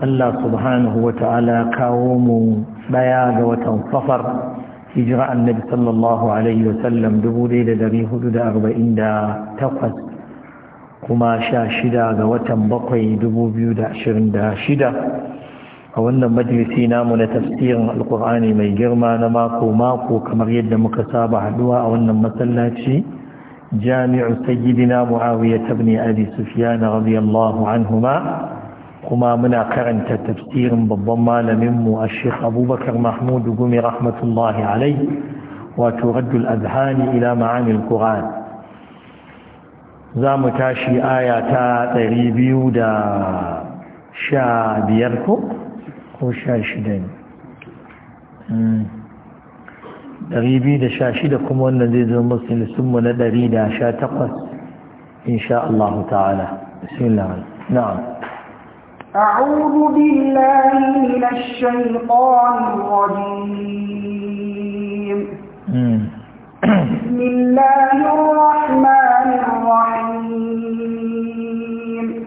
Allah subhanahu wa ta'ala kawo mu ɗaya ga watan safar hijira annabi sallallahu alaihi wasallam 1448 kuma sha shida ga watan bakwai 2026 a wannan majalisi namu na tafsirin alkur'ani mai girma na mako-mako kamar yadda muka saba haduwa a wannan masallaci jami'u sayyidina muawiya tabni abi sufyan radiyallahu anhuma kuma muna karanta tafsirin babban malaminmu a sheikh abubakar mahmud gumi rahmatullahi alai wato raddul azhani ila ma'anil qur'an za mu tashi aya ta 215 ko ko 16 ne 216 kuma wannan zai zama musulunmu na 118 insha Allah ta'ala bismillah na'am أعوذ بالله من الشيطان الرجيم بسم الله الرحمن الرحيم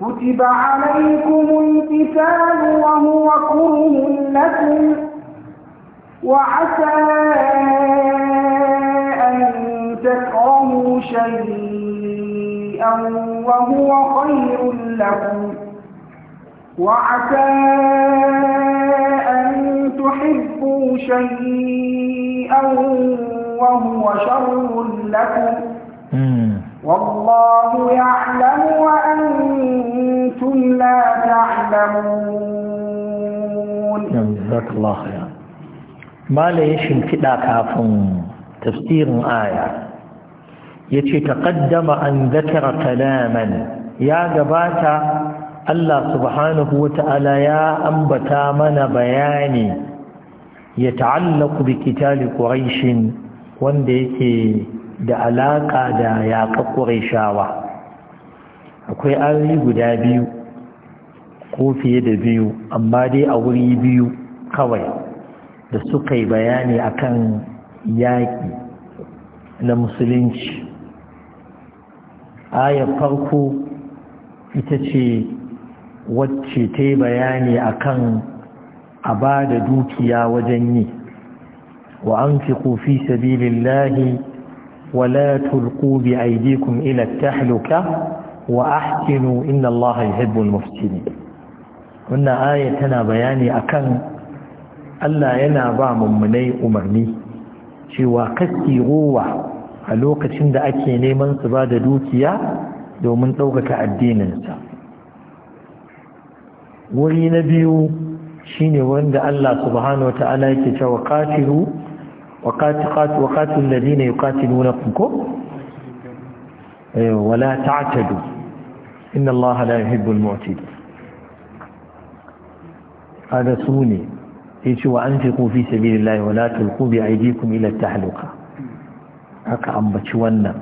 كتب عليكم الكتاب وهو كره لكم وعسى أن تكرهوا شيئا وهو خير لكم وعسى أن تحبوا شيئا وهو شر لكم والله يعلم وأنتم لا تعلمون جزاك الله خيرا ما ليش انفدا كافن تفسير آية yace taƙaddama an dhakara kalaman ya gabata Allah subhanahu ta'ala ya ambata mana bayani ya ta'allaku bi kitali ƙuraishin wanda yake da alaƙa da yaƙa ƙuraishawa. akwai ayoyi guda biyu ko fiye da biyu amma dai a wuri biyu kawai da suka yi bayani akan yaƙi na musulunci ayar farko ita ce wacce ta bayani akan a ba da dukiya wajen yi wa an fi kofi sabilillahi wala tulku bi aidikum ila tahluka wa ahsinu inna Allah yuhibbul muhsinin wannan ayar tana bayani akan Allah yana ba mummunai umarni cewa kaski ruwa a lokacin da ake neman su ba da dukiya domin ɗaukaka addininsa wuri na biyu shine wanda Allah subhanahu wata'ala yake cewa qatilu wa qatiqatu wa qatilul ladina yuqatilunakum ko eh, wa la ta'tadu inna Allah la yuhibbul mu'tadin hada sune yace wa anfiqu fi sabilillahi wa la tulqu bi aydikum ila at-tahluqah aka ambaci wannan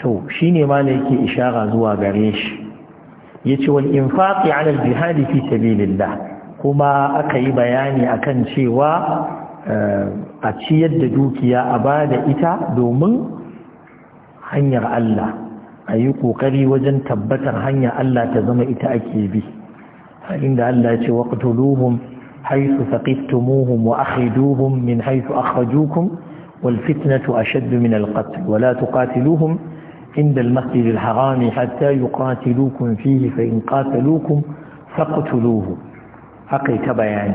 to ne ma ne yake ishara zuwa gare shi Ya ce wani infaƙi al jihadi fi sabilillah kuma aka yi bayani akan cewa eh, a ciyar da dukiya a bada ita domin hanyar Allah a yi ƙoƙari wajen tabbatar hanyar Allah ta zama ita ake bi inda Allah ce waqtuluhum haisu saqiftumuhum wa akhrijuhum min haythu akhrajukum والفتنة أشد من القتل ولا تقاتلوهم عند المسجد الحرام حتى يقاتلوكم فيه فإن قاتلوكم فاقتلوه حقيقة بيان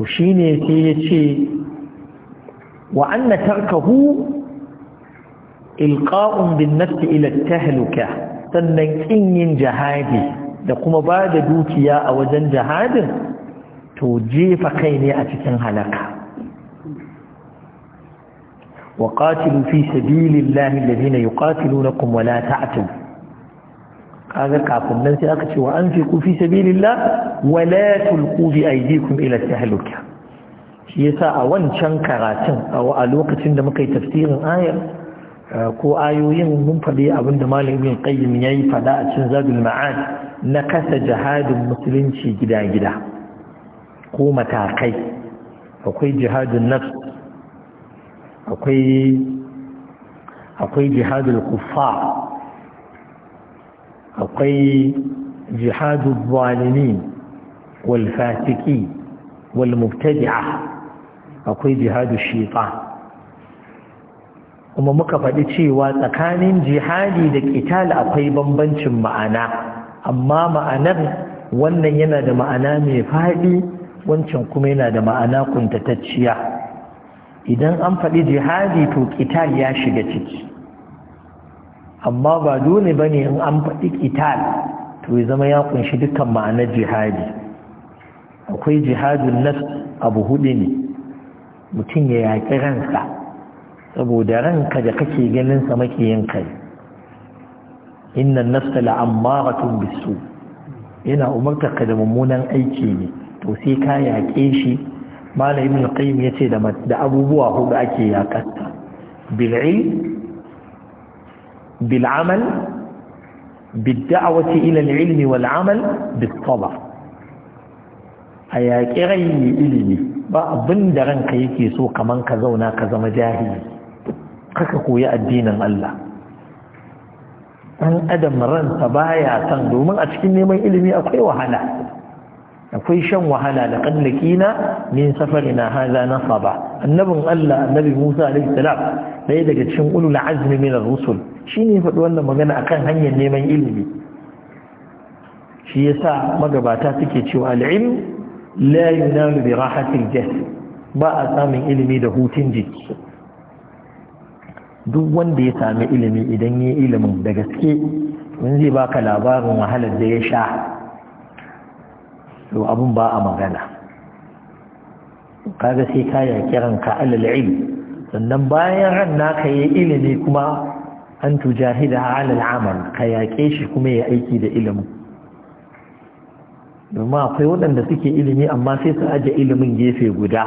تشيني تيتي وأن تركه إلقاء بالنفس إلى التهلكة تنين إن جهادي لقم بعد ba da dukiya a to jefa kai ne a cikin halaka وقاتلوا في سبيل الله الذين يقاتلونكم ولا تعتدوا kaga kafin nan sai aka ce wa anfiqu fi sabilillah wa la tulqu bi aydikum ila tahluka shi yasa a wancan karatun a lokacin da muka yi tafsirin ayar ko ayoyin mun faɗi abinda malam ibn qayyim yayi fada a cikin zadul ma'ad na kasa jihadin musulunci gida gida ko matakai akwai jihadun nafs akwai akwai jihadul akwai jihadul zalimin wal fasiki akwai jihadu shaytan kuma muka faɗi cewa tsakanin jihadi da ƙitali akwai bambancin ma'ana amma ma'anar wannan yana da ma'ana mai faɗi wancan kuma yana da ma'ana kuntatacciya idan an faɗi jihadi to ƙital ya shiga ciki amma ba dole ba ne in an faɗi ƙital to ya zama ya kunshi dukkan ma'anar jihadi akwai jihadun nas abu hudu ne mutum ya yaƙi ransa saboda ranka da kake ganin sa makiyin kai innan nafsa la'ammaratun bisu yana umarta ka da mummunan aiki ne to sai ka yaƙe shi malam ibn qayyim yace da da abubuwa hudu ake yaƙarta bil ilm bil amal bid da'wati ila al ilm wal amal bis a yaƙi rai ilimi ba abin da ranka yake so kaman ka zauna ka zama jahili kaka koyi addinin Allah an adam ransa baya son domin a cikin neman ilimi akwai wahala akwai shan wahala da kallaƙina, min haza na saba annabin Allah annabi Musa alaihi salam dai daga cikin ulul azmi min ar-rusul shine faɗi wannan magana akan hanyar neman ilimi shi yasa magabata suke cewa al-ilm la yunalu bi rahati al-jahl ba a samun ilimi da hutun jiki duk wanda ya sami ilimi idan yayi ilimin da gaske mun zai baka labarin wahalar da ya sha to abun ba a magana kaga sai ka kiran ka alal ilm sannan bayan ran naka yi ilimi kuma an tujahida alal amal ka yaƙe shi kuma ya aiki da ilimin domin akwai waɗanda suke ilimi amma sai su aje ilimin gefe guda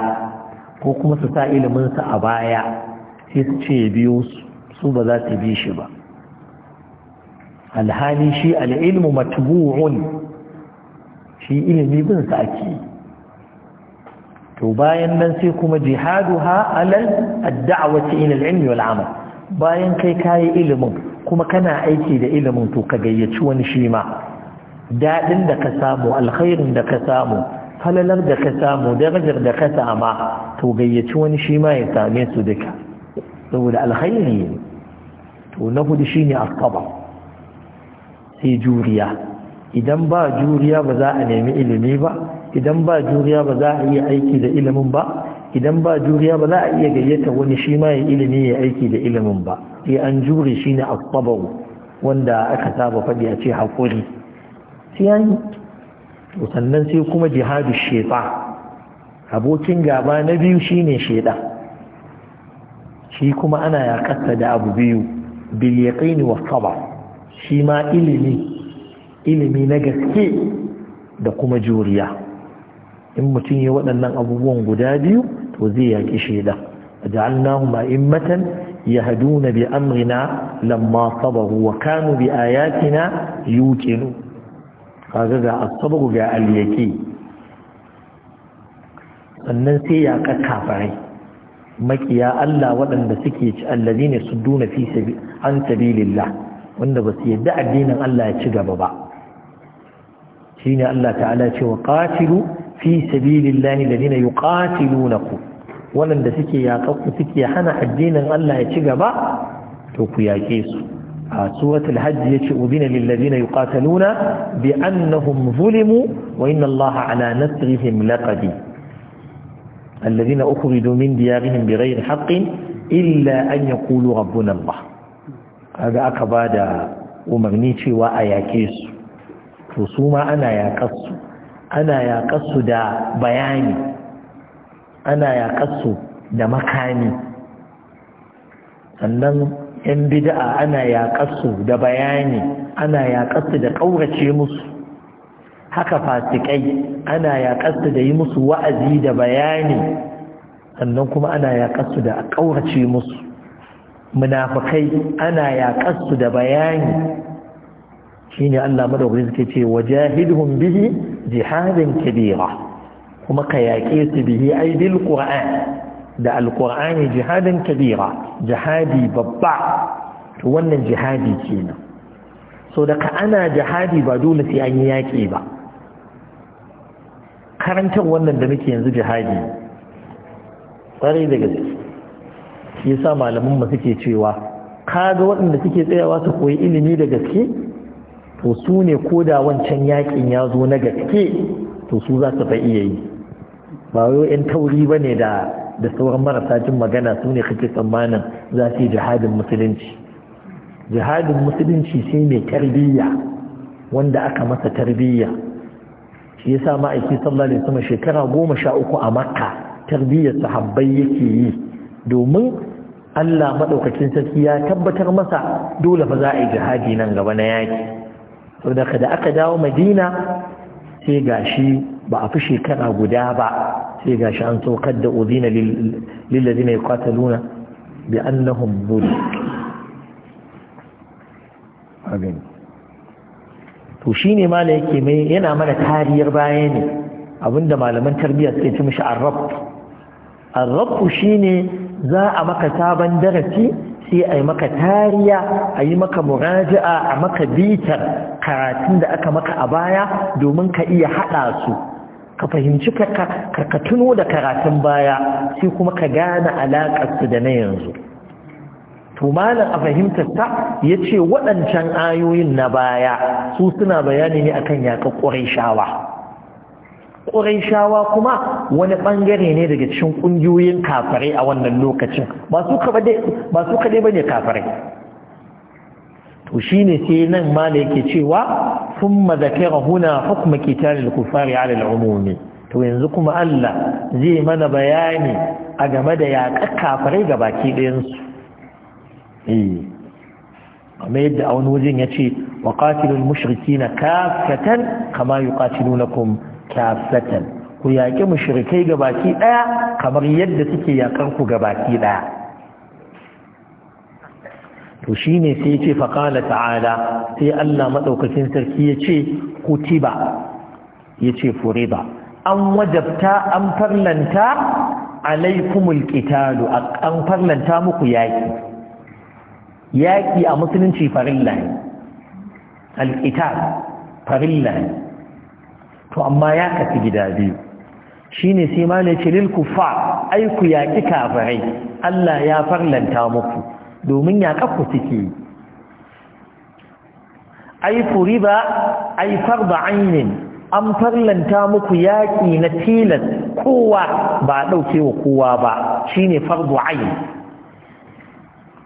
ko kuma su sa iliminsa a baya sai su ce ya biyo su ba za su bi shi ba alhali shi al'ilmu matbu'un shi ilimi bin sa ake to bayan nan sai kuma ha alal ad-da'wati ila ilmi wal amal bayan kai kai ilimin kuma kana aiki da ilimin to ka gayyaci wani shi ma da ka samu alkhairin da ka samu falalar da ka samu darajar da ka sama to gayyaci wani shi ma ya same su duka saboda alkhairi to na hudu shine as-sabr sai juriya idan ba juriya ba za a nemi ilimi ba idan ba juriya ba za a iya aiki da ilimin ba idan ba juriya ba za a iya gayyata wani shi ma ya ilimi ya aiki da ilimin ba sai an jure shi ne wanda aka saba faɗi a ce haƙuri sai sannan sai kuma jihadu shefa abokin gaba na biyu shine sheda shi kuma ana yaƙasta da abu biyu bil yaqini was shi ma ilimi ilimi na gaske da kuma juriya in mutum ya waɗannan abubuwan guda biyu to zai yaƙi shaida ja'alnahum a'immatan yahduna bi amrina lamma sabaru wa kanu bi ayatina yuqinu kaga ga asabaru ga al sannan sai ya kafarai makiya Allah waɗanda suke ci alladhina sudduna fi an sabilillah wanda ba su yadda addinin Allah ya ci gaba ba shine Allah ta'ala ce wa qatilu fi sabilillahi alladhina yuqatilunakum wanda suke yaƙaƙu suke hana addinin Allah ya ci gaba to ku yaƙe su a suratul hajj yace udina lil ladina yuqataluna bi annahum zulimu wa inna Allah ala nasrihim laqadir الذين أخرجوا من ديارهم بغير حق إلا أن يقولوا ربنا الله هذا أكبر أمرنيتي su. to su ma ana yaƙarsu ana yaƙarsu da bayani ana su da makami sannan ‘yan bida'a ana su da bayani ana su da ƙaurace musu haka fasikai ana su da yi musu wa'azi da bayani sannan kuma ana su da ƙaurace musu munafukai ana su da bayani shine Allah madaukaki suke ce wajahidhum bihi jihadan kabira kuma ka yaƙe su bihi ai bil qur'an da alqur'ani jihadan kabira jihadi babba to wannan jihadi kenan so ka ana jihadi ba dole sai an yi ba karantar wannan da muke yanzu jihadi ƙwarai da gaske shi yasa malaman mu suke cewa kaga waɗanda suke tsayawa su koyi ilimi da gaske to su ne ko da wancan yakin ya zo na gaske to su za su fa iya yi ba wai yan tauri ba ne da da sauran marasa jin magana su ne kake tsammanin za su yi jihadin musulunci jihadin musulunci shi ne tarbiyya wanda aka masa tarbiyya shi yasa ma'aiki sallallahu alaihi wasallam shekara goma sha uku a makka tarbiyyar sahabbai yake yi domin Allah maɗaukakin sarki ya tabbatar masa dole fa za a yi jihadi nan gaba na yaki to da kada aka dawo madina sai gashi ba a fi shekara guda ba sai gashi an saukar da udina lillazina yuqataluna bi annahum zulim agani to shine mala yake mai yana mana tariyar baya ne abinda malaman tarbiyya suke ci mishi arrab arrab shine za a maka sabon darasi sai a yi maka tariya a yi maka muraji'a a maka bitar karatun da aka maka a baya domin ka iya haɗa su ka fahimci ka tuno da karatun baya sai kuma ka gane alaƙarsu da na yanzu to a fahimtarsa ya ce waɗancan ayoyin na baya su suna bayani ne akan yaƙar ƙwarai shawa ƙuraishawa kuma wani ɓangare ne daga cikin ƙungiyoyin kafirai a wannan lokacin ba su kaɗai ba ne kafirai to shi ne sai nan ma da yake cewa sun mazakira huna hukuma kitalin kufari alal umumi to yanzu kuma Allah zai mana bayani a game da yaƙa kafirai ga baki ɗayansu eh. amma yadda a wani wajen ya ce wa ƙatilun mushriki na kafatan kama yi kuma. kafatan ku yaƙi ga gabaki ɗaya kamar yadda suke yaƙar ku gabaki ɗaya to shine sai yace fa ta'ala sai Allah madaukakin sarki yace kutiba yace furida an wajabta an farlanta alaikumul qitalu an farlanta muku yaƙi. Yaƙi a musulunci farilla ne alqital farin ne to amma ya kafi gida biyu Shi ne sai ma ne ce lilku fa ai ku ƙi kafirai Allah ya farlanta muku domin ya ku suke ai riba ai farda ainihin an farlanta muku yaƙi na tilas kowa ba ɗauke wa kowa ba shine fardu ain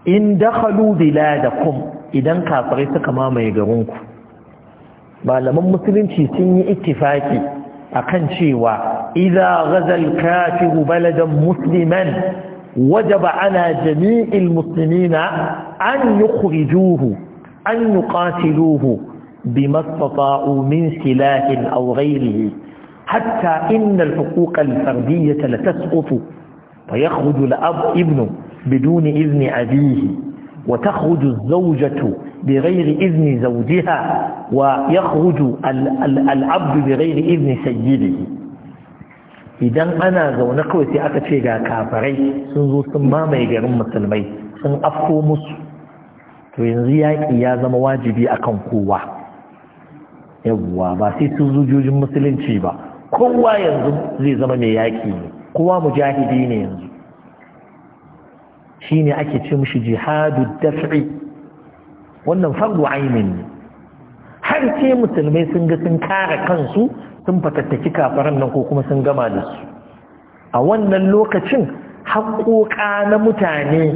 in dakhalu biladakum idan kafirai suka mamaye garinku malaman musulunci sun yi ittifaki akan cewa idza ghazal kafir baladan musliman wajaba ala jami'il muslimina an yukhrijuhu an yuqatiluhu bima istata'u min silahin aw ghayrihi hatta inna al-huquq al-fardiyyah la tasqutu fayakhruju al-ab ibnu biduni إذن أبيه وتخرج الزوجة بغير إذن زوجها ويخرج العبد بغير إذن سيده idan ana zaune kawai sai aka ce ga kafarai sun zo sun mamaye garin musulmai sun afko musu to yanzu yaƙi ya zama wajibi akan kowa yawwa ba sai sun zujojin musulunci ba kowa yanzu zai zama mai yaƙi ne kowa mujahidi ne yanzu Shi ne ake ce mishi jihadu daf'i wannan fardu ainin ne har ce musulmai sun ga sun kare kansu sun fatattaki kafaran nan ko kuma sun gama da su a wannan lokacin haƙoƙa na mutane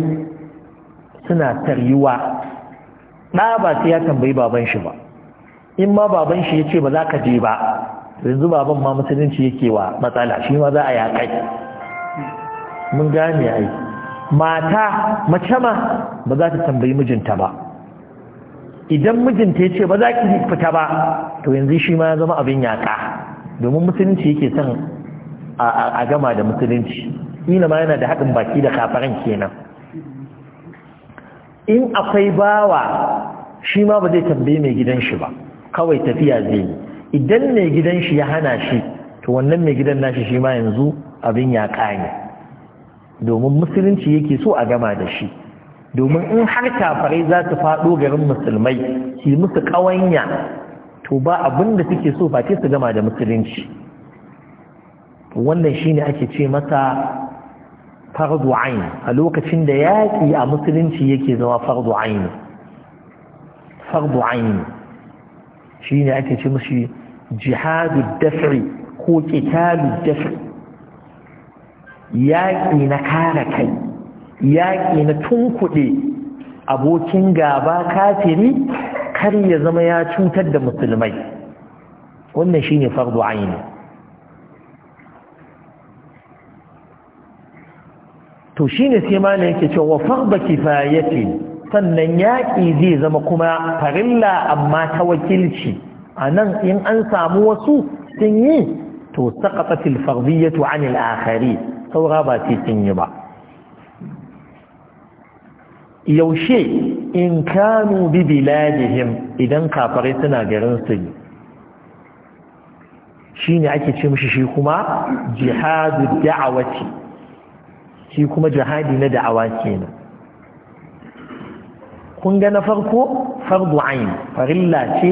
suna taryuwa ɗa ba sai ya tambayi baban shi ba in ma baban shi ya ce ba za ka je ba yanzu baban ma musulunci yake wa matsala shi ma za a yaƙai mun gane aiki mata mace ma ba za ta tambayi mijinta ba idan mijinta ya ce ba za ki fita ba to yanzu shi ma ya zama abin yaƙa domin musulunci yake son a gama da musulunci ina ma yana da haɗin baki da kafaran kenan in akwai bawa shi ma ba zai tambayi mai gidan shi ba kawai tafiya zai yi idan mai gidan shi ya hana shi to wannan mai gidan nashi shi ma yanzu abin yaƙa ne domin musulunci yake so a gama da shi domin in har kafarai za su faɗo garin musulmai su musu ƙawanya to ba abin da suke so face su gama da musulunci wannan shine ake ce masa fardu a lokacin da yaƙi a musulunci yake zama fardu ain fardu ain shine ake ce mushi jihadu ko qitalu yaƙi na kare kai yaƙi na tunkuɗe abokin gaba kafiri kar ya zama ya cutar da musulmai wannan shine fardu aini to shine sai malam yake cewa fardu kifayati sannan yaƙi zai zama kuma farilla amma ta wakilci nan in an samu wasu sun yi to saqatat al 'an al'akari saura ba sai yi ba yaushe in kanu bi biladihim idan kafirai suna garin su ne shine ake ce mishi shi kuma jihadu da'awati shi kuma jihadi na da'awa kenan kun ga na farko fardu ain farilla ce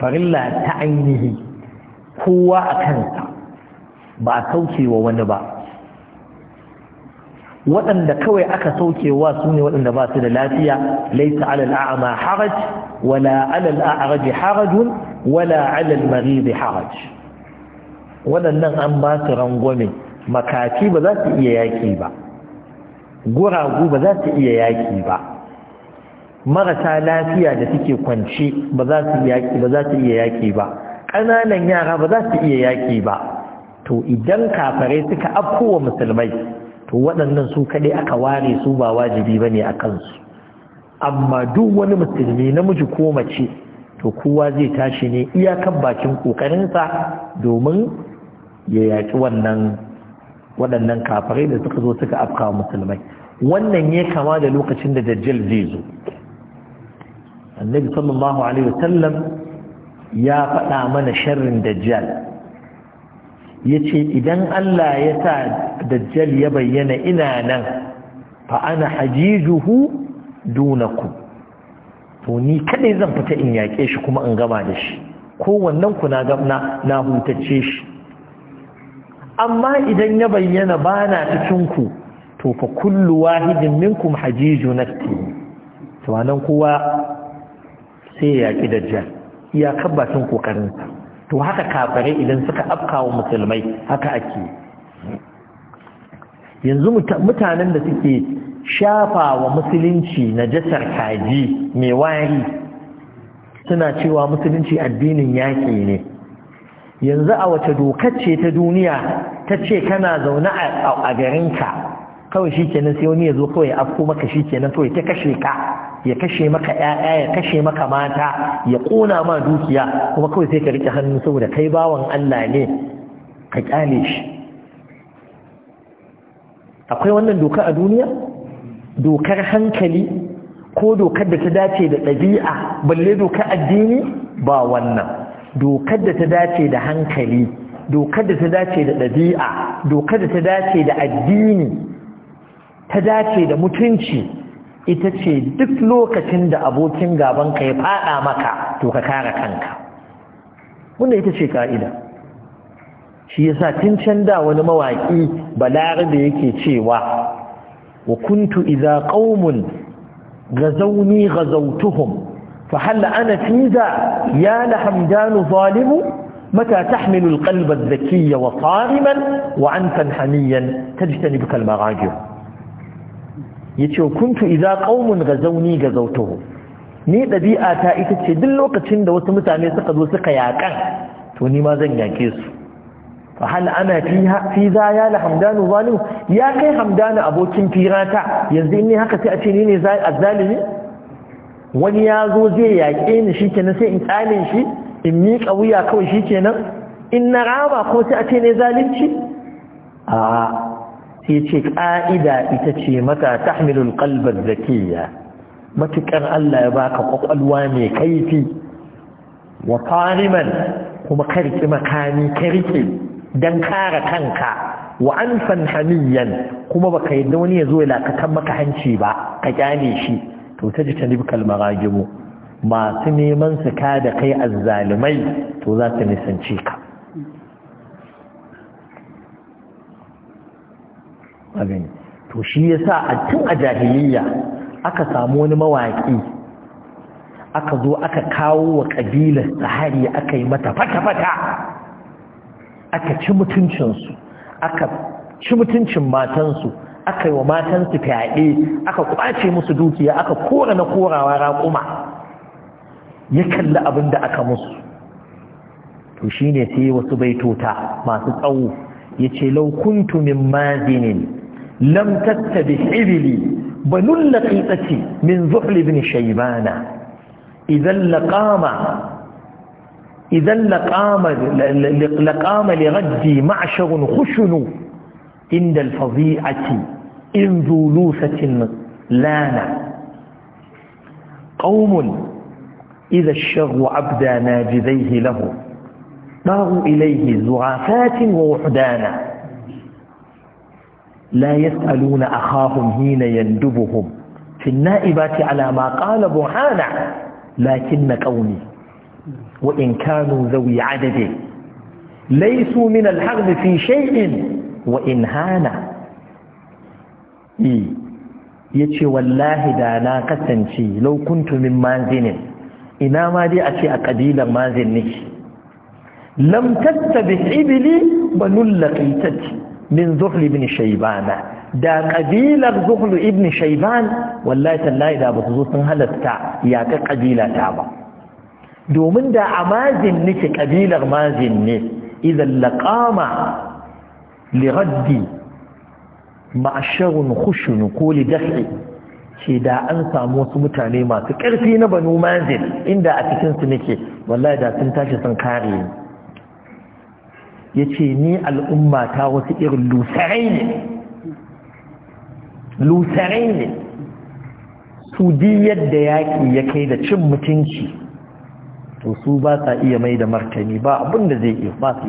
farilla ta ainihi kowa a kansa ba a kauke wa wani ba waɗanda kawai aka saukewa su ne waɗanda ba su da lafiya laisa alal a'ma haraj wala alal a'raj haraj wala alal marid haraj waɗannan an ba su rangwame makafi ba za su iya yaki ba guragu ba za su iya yaki ba marasa lafiya da suke kwance ba za su yaki ba za su iya yaki ba ƙananan yara ba za su iya yaki ba to idan kafare suka afkowa musulmai to waɗannan su kaɗai aka ware su ba wajibi ba ne a kansu amma duk wani musulmi namiji ko mace to kowa zai tashi ne iyakan bakin ƙoƙarinsa domin ya yaki wannan waɗannan kafarai da suka zo suka afka musulmai wannan ya kama da lokacin da dajjal zai zo annabi sallallahu alaihi wasallam ya faɗa mana sharrin dajjal ya ce idan Allah ya sa dajjal ya bayyana ina nan fa ana hajijuhu dunaku to ni kadai zan fita in yaƙe shi kuma in gama da shi Ko wannan ku na na hutacce shi amma idan ya bayyana bana na ku to fa kullu wahidin minkum hajiju nafsi to anan kowa sai ya yaƙi dajjal iyakar bakin kokarinsa to haka kafirai idan suka afkawa musulmai haka ake yanzu mutanen da suke shafa wa musulunci na jasar kaji mai wari suna cewa musulunci addinin yaƙi ne yanzu a wace doka ce ta duniya ta ce kana zaune a garinka kawai shi kenan sai wani ya zo kawai afko maka shi kenan kawai ta kashe ka ya kashe maka ƴaƴa ya kashe maka mata ya ƙona ma dukiya kuma kawai sai ka rike hannu saboda kai bawan Allah ne ka kyale shi akwai wannan doka a duniya dokar hankali ko dokar da ta dace da ɗabi'a balle dokar addini ba wannan dokar da ta dace da hankali dokar da ta dace da ɗabi'a dokar da ta dace da addini ta dace da mutunci ita ce duk lokacin da abokin gabanka ya fada maka to ka kare kanka wanda ita ce ka'ida shi yasa tun can da wani mawaki balarabe yake cewa wa kuntu idza qaumun غزوني غزوتهم فهل أنا في zalimu mata لحمدان ظالم متى تحمل القلب الذكي وصارما وأنفا حميا yace kuntu idza qaumun ga gazawtuhu ni ɗabi'a ta ita ce duk lokacin da wasu mutane suka zo suka yakan to ni ma zan yake su fa hal ana fiha fi za ya la hamdanu zalim ya kai hamdanu abokin firata yanzu in ni haka sai a ce ni ne zalimi wani ya zo zai yaƙe ni shikenan sai in tsale shi in miƙa wuya kawai shi shikenan in na raba ko sai a ce ne zalunci a sai ce ƙa'ida ita ce mata tahmilul qalbar zakiya matukar Allah ya baka ƙwaƙwalwa mai kaifi wa tariman kuma karki makami karki don kara kanka wa anfan hamiyan kuma baka yadda wani ya zo ya lakatan maka hanci ba ka kyale shi to ta ji tanib kalmaragimu masu neman su ka da kai azzalumai to za ta nisanci ka a to shi yasa a tun a jahiliya aka samu wani mawaƙi aka zo aka kawo wa ƙabilar sahari aka yi mata fata-fata aka ci mutuncinsu aka ci mutuncin matansu aka yi wa matansu fyaɗe aka ƙwace musu dukiya aka kora na korawa raƙuma ya kalli abin da aka musu to shi shine sai wasu baitota masu tsawo yace law kuntu min mazinin lam tattabi ibli banul laqitati min zuhl ibn shaybana idan laqama idan laqama laqama li ghaddi ma'sharun khushunu inda al-fadhi'ati in dhulusatin lana قوم إذا الشر أبدى ناجذيه له ضاغوا إليه زعافات ووحدانا لا يسألون أخاهم حين يندبهم في النائبات على ما قال برهانا لكن قومي وإن كانوا ذوي عدد ليسوا من الحرب في شيء وإن هانا يتشي والله دانا قسنشي لو كنت من مازن إنا ما دي أتي أقديل مازن نشي lam tattabi ibili banul laqitati min zuhl ibn shaybana da kabilar zuhl ibn shayban wallahi tallahi da ba su zo sun halarta ya ka kabila ba domin da amazin nake kabilar mazin ne idan laqama li ma'asharun khushun ko li daf'i ce da an samu wasu mutane masu ƙarfi na banu mazin inda a cikinsu nake wallahi da sun tashi sun kare ni ya ce ni al'umma ta wasu irin lusarai ne lusarai ne su di yadda yaƙi ya kai da cin mutunci to su ba sa iya mai da martani ba da zai iya ba su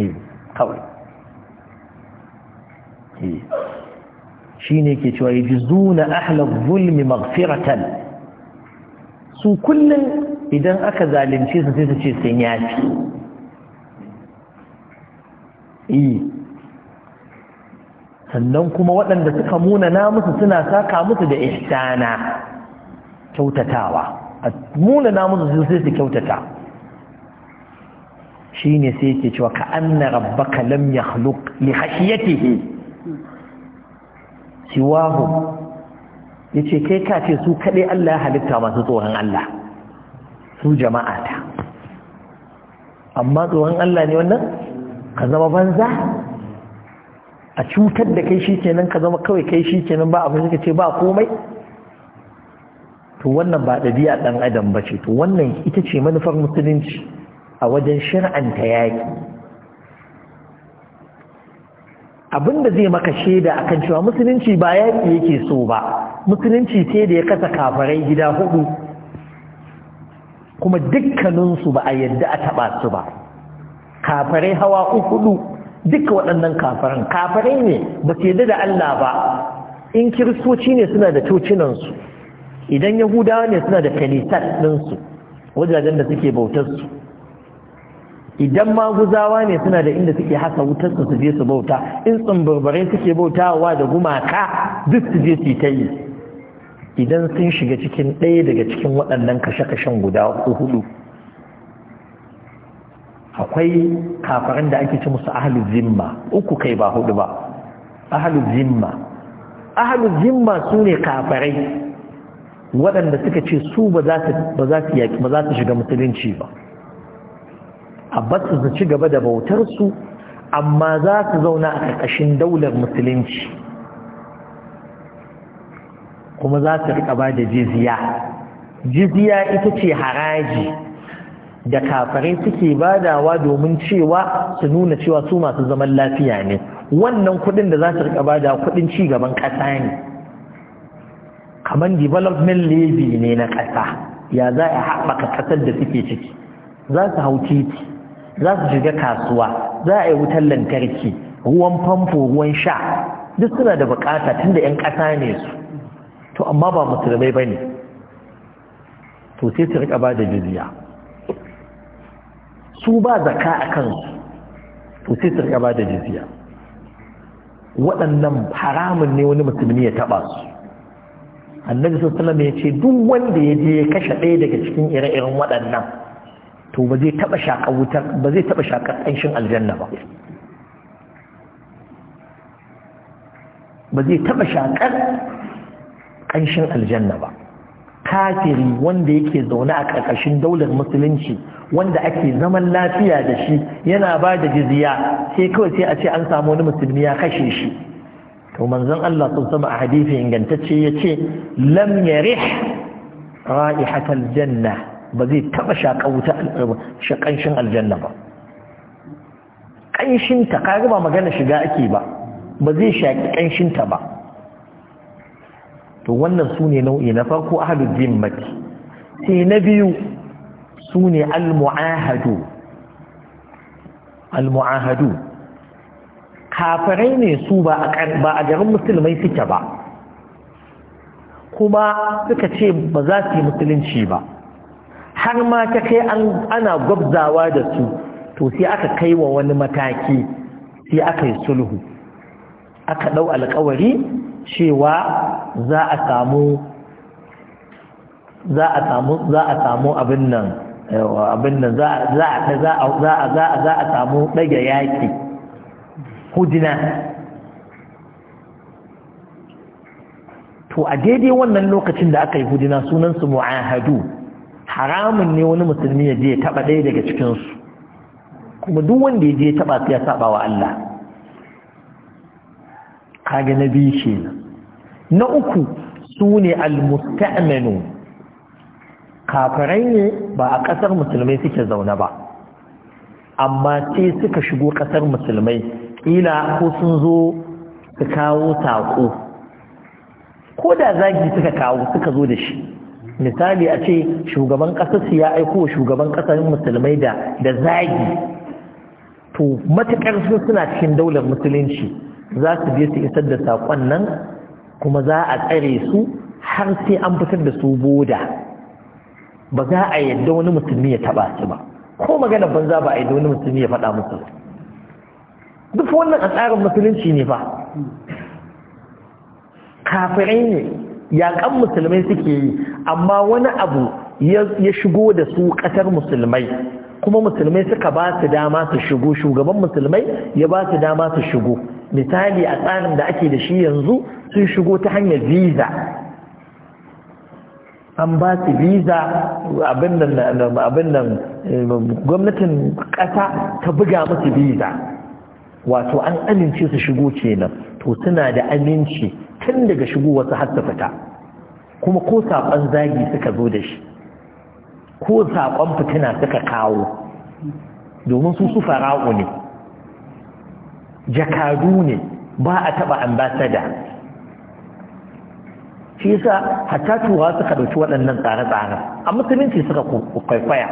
yi eh, kawai eh. shi ne ke cewa yi zuna ahlar zulmi magfiratan su kullum idan aka zalunce su sai su ce sun yafi e, sannan kuma waɗanda suka muna namusu suna saka musu da ihsana kyautatawa a munana musu sai su kyautata shi ne sai ke cewa ka an na rabbaka lam ya haluk li siwahu ya ce kai ka ce su kaɗai Allah ya halitta masu tsoron Allah su jama'a ta amma tsoron Allah ne wannan ka zama banza a cutar da kai shi kenan ka zama kawai kai shi kenan ba abin suka ce ba komai to wannan ba ɗabi'a ɗan adam ba ce to wannan ita ce manufar musulunci a wajen shir'anta yaƙi abinda zai maka shaida a kan cewa musulunci ba yaƙi yake so ba musulunci sai da ya kasa kafarai gida hudu kuma dukkaninsu ba a yadda a taba su ba kafarai hawa hudu duka waɗannan kafaran kafarai ne ba su yadda da Allah ba in kiristoci ne suna da cocinansu idan yahudawa ne suna da kanisat ɗinsu wajajen da suke bautarsu idan maguzawa ne suna da inda suke hasa wutarsu su je su bauta in tsumbarbarai suke bautawa da gumaka duk su je su yi ta yi idan sun shiga cikin ɗaya daga cikin waɗannan kashe-kashen guda hudu akwai kafarin da ake ci musu ahalu zimma uku kai ba hudu ba ahalu zimma ahalu zimma su ne kafarai waɗanda suka ce su ba za su shiga musulunci ba abbas su ci gaba da bautarsu amma za su zauna a ƙarƙashin daular musulunci kuma za su riƙa ba da jiziya. Jiziya ita ce haraji da kafari suke badawa domin cewa su nuna cewa su masu zaman lafiya ne wannan kuɗin da za su riƙa badawa kuɗin ci gaban ƙasa ne kamar development levy ne na ƙasa ya za a haɓaka ƙasar da suke ciki za su hau titi za su shiga kasuwa za a yi wutar lantarki ruwan famfo ruwan sha duk suna da bukata tunda 'yan ƙasa ne su to amma ba musulmai ba ne to sai su rika ba da jizya su ba zaka a kansu to sai su rika ba da jizya waɗannan haramun ne wani musulmi ya taɓa su annabi sallallahu ya ce duk wanda ya je ya kashe ɗaya daga cikin ire-iren waɗannan to ba zai taɓa shaƙar wutar ba zai taɓa shaƙar ƙanshin aljanna ba ba zai taɓa shaƙar ƙanshin aljanna ba kafiri wanda yake zaune a ƙarƙashin daular musulunci wanda ake zaman lafiya da shi yana ba da jizya sai kawai sai a ce an samu wani musulmi ya kashe shi to manzon Allah sun sama a hadisi ingantacce ya ce lam yarih ra'ihat aljanna ba zai taba shaka wuta shakanshin aljanna ba kanshin ta kaga ba magana shiga ake ba ba zai shaki kanshin ta ba to wannan su ne nau'i na farko ahalul zimmati sai na biyu su ne al-mu'ahadu al-mu'ahadu kafirai ne su ba a garin musulmai suke ba kuma suka ce ba za su yi musulunci ba har ma ta kai ana gwabzawa da su to sai aka kai wa wani mataki sai aka yi sulhu aka ɗau alkawari cewa za a samu za a samu za a samu abin nan abin nan za a za a za a samu daga yaki hudina to a daidai wannan lokacin da aka yi hudina sunansu mu'ahadu haramun ne wani musulmi ya je ya taba ɗaya daga cikinsu kuma duk wanda ya je ya taba su ya saba wa Allah kaga na biyu kenan na uku su ne almustamanu kafirai ne ba a ƙasar musulmai suke zaune ba amma sai suka shigo ƙasar musulmai ƙila ko sun zo su kawo saƙo ko da zagi suka kawo suka zo da shi misali a ce shugaban ƙasar su ya aiko shugaban ƙasar musulmai da da zagi to matuƙar sun suna cikin daular musulunci za su je su isar da saƙon nan kuma za a tsare su har sai an fitar da su boda ba za a yadda wani musulmi ya taɓa su ba ko magana banza ba a yadda wani musulmi ya faɗa musu duk wannan a tsarin musulunci ne ba kafirai ne yaƙan musulmai suke yi amma wani abu ya shigo da su ƙasar musulmai kuma musulmai suka ba su dama su shigo shugaban musulmai ya ba su dama su shigo misali a tsarin da ake da shi yanzu sun shigo ta hanyar visa an ba su visa abin nan gwamnatin ƙasa ta buga musu visa wato an amince su shigo kenan to suna da aminci tun daga shigo wasu har su fita kuma ko saƙon zagi suka zo da shi ko saƙon fitina suka kawo domin su su fara'u ne jakadu ne ba a taba ambasada shi yasa hatta tuwa suka dauki waɗannan tsare-tsare a musulunci suka kwaikwaya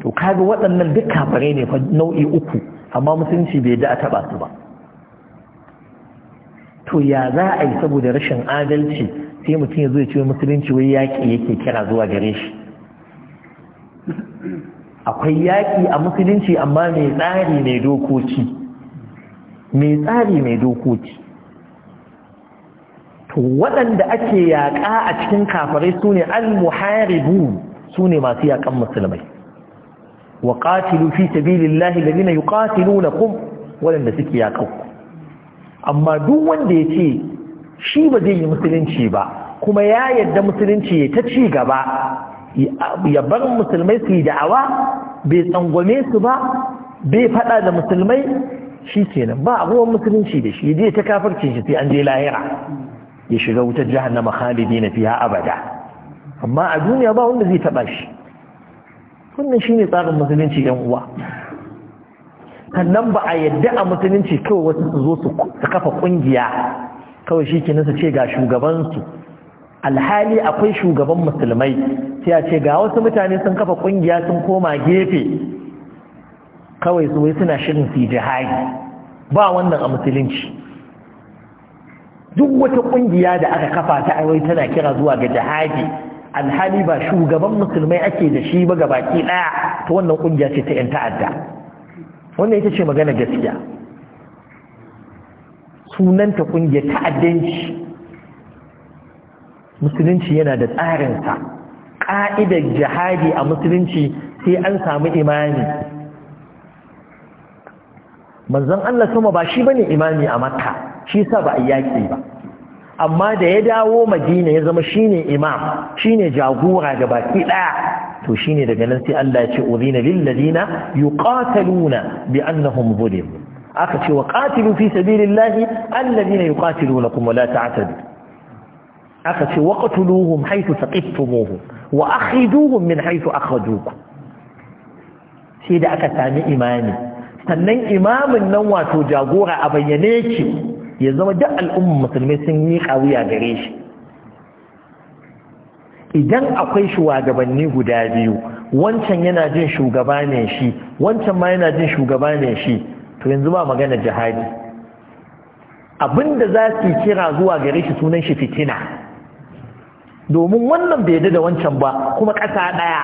to kaga waɗannan duk kafare ne fa nau'i uku amma musulunci bai da a taba su ba to ya za a yi saboda rashin adalci sai mutum ya zo ya ce musulunci wai yaƙi yake kira zuwa gare shi akwai yaƙi a musulunci amma mai tsari mai dokoki mai tsari mai dokoki to waɗanda ake yaƙa a cikin kafirai su ne al-muharibu su ne masu yaƙan musulmai wa ƙatilu fi sabilillahi lalina yi ƙatilu na kum waɗanda suke yaƙanku amma duk wanda ya ce shi ba zai yi musulunci ba kuma ya yadda musulunci ya ta ci gaba ya bar musulmai su yi da'awa bai tsangwame su ba bai fada da musulmai shi kenan ba ruwan musulunci da shi je ta kafarci shi sai an je lahira ya shiga wutar jahannama na fiha abada amma a duniya ba wanda zai taba shi wannan shine tsarin musulunci yan uwa sannan ba a yadda a musulunci kawai wasu su zo su kafa kungiya kawai shi kenan su ce ga shugabansu alhali akwai shugaban musulmai sai a ce ga wasu mutane sun kafa kungiya sun koma gefe kawai su wai suna shirin su jihadi ba wannan a musulunci duk wata kungiya da aka kafa ta aiwai tana kira zuwa ga jihadi alhali ba shugaban musulmai ake da shi ba gabaki daya ta wannan kungiya ce ta 'yan ta'adda wannan ita ce magana gaskiya sunanta kungiya ta'addanci musulunci yana da tsarinsa ƙa'idar jihadi a musulunci sai an samu imani manzon Allah sama ba shi bane imami a makka shi sa ba a yaƙi ba amma da ya dawo madina ya zama shine imam shine jagora ga baki ɗaya to shine daga nan sai Allah ya ce udhina lil ladina yuqataluna bi annahum zulimu aka ce wa qatilu fi sabilillahi alladhina yuqatilunakum wa la ta'tadu aka ce waqtuluhum haythu saqiftumuhum wa duhun min aka akhrajukum sai da aka sami imani. sannan imamin nan wato jagora a bayyane yake ya zama duk al'umma musulmai sun yi kawiya gare shi idan akwai shugabanni guda biyu wancan yana jin shugaba ne shi wancan ma yana jin shugaba ne shi to yanzu ba magana jihadi abinda za su kira zuwa gare shi sunan shi fitina domin wannan bai yadda da wancan ba kuma ƙasa ɗaya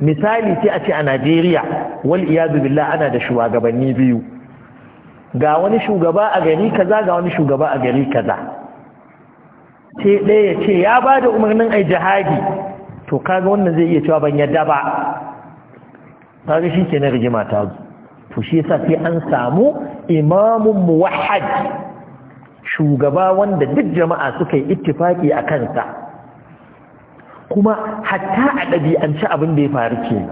misali sai a ce a najeriya wal iyadu billah ana da shugabanni biyu ga wani shugaba a gari kaza ga wani shugaba a gari kaza sai ɗaya ya ce ya ba da umarnin ai jihadi to kaga wannan zai iya cewa ban yadda ba kaga shi ke na rigima ta zu to shi yasa sai an samu imamun muwahhad shugaba wanda duk jama'a suka yi ittifaki a kansa kuma hatta a ɗabi'anci abin da ya faru ke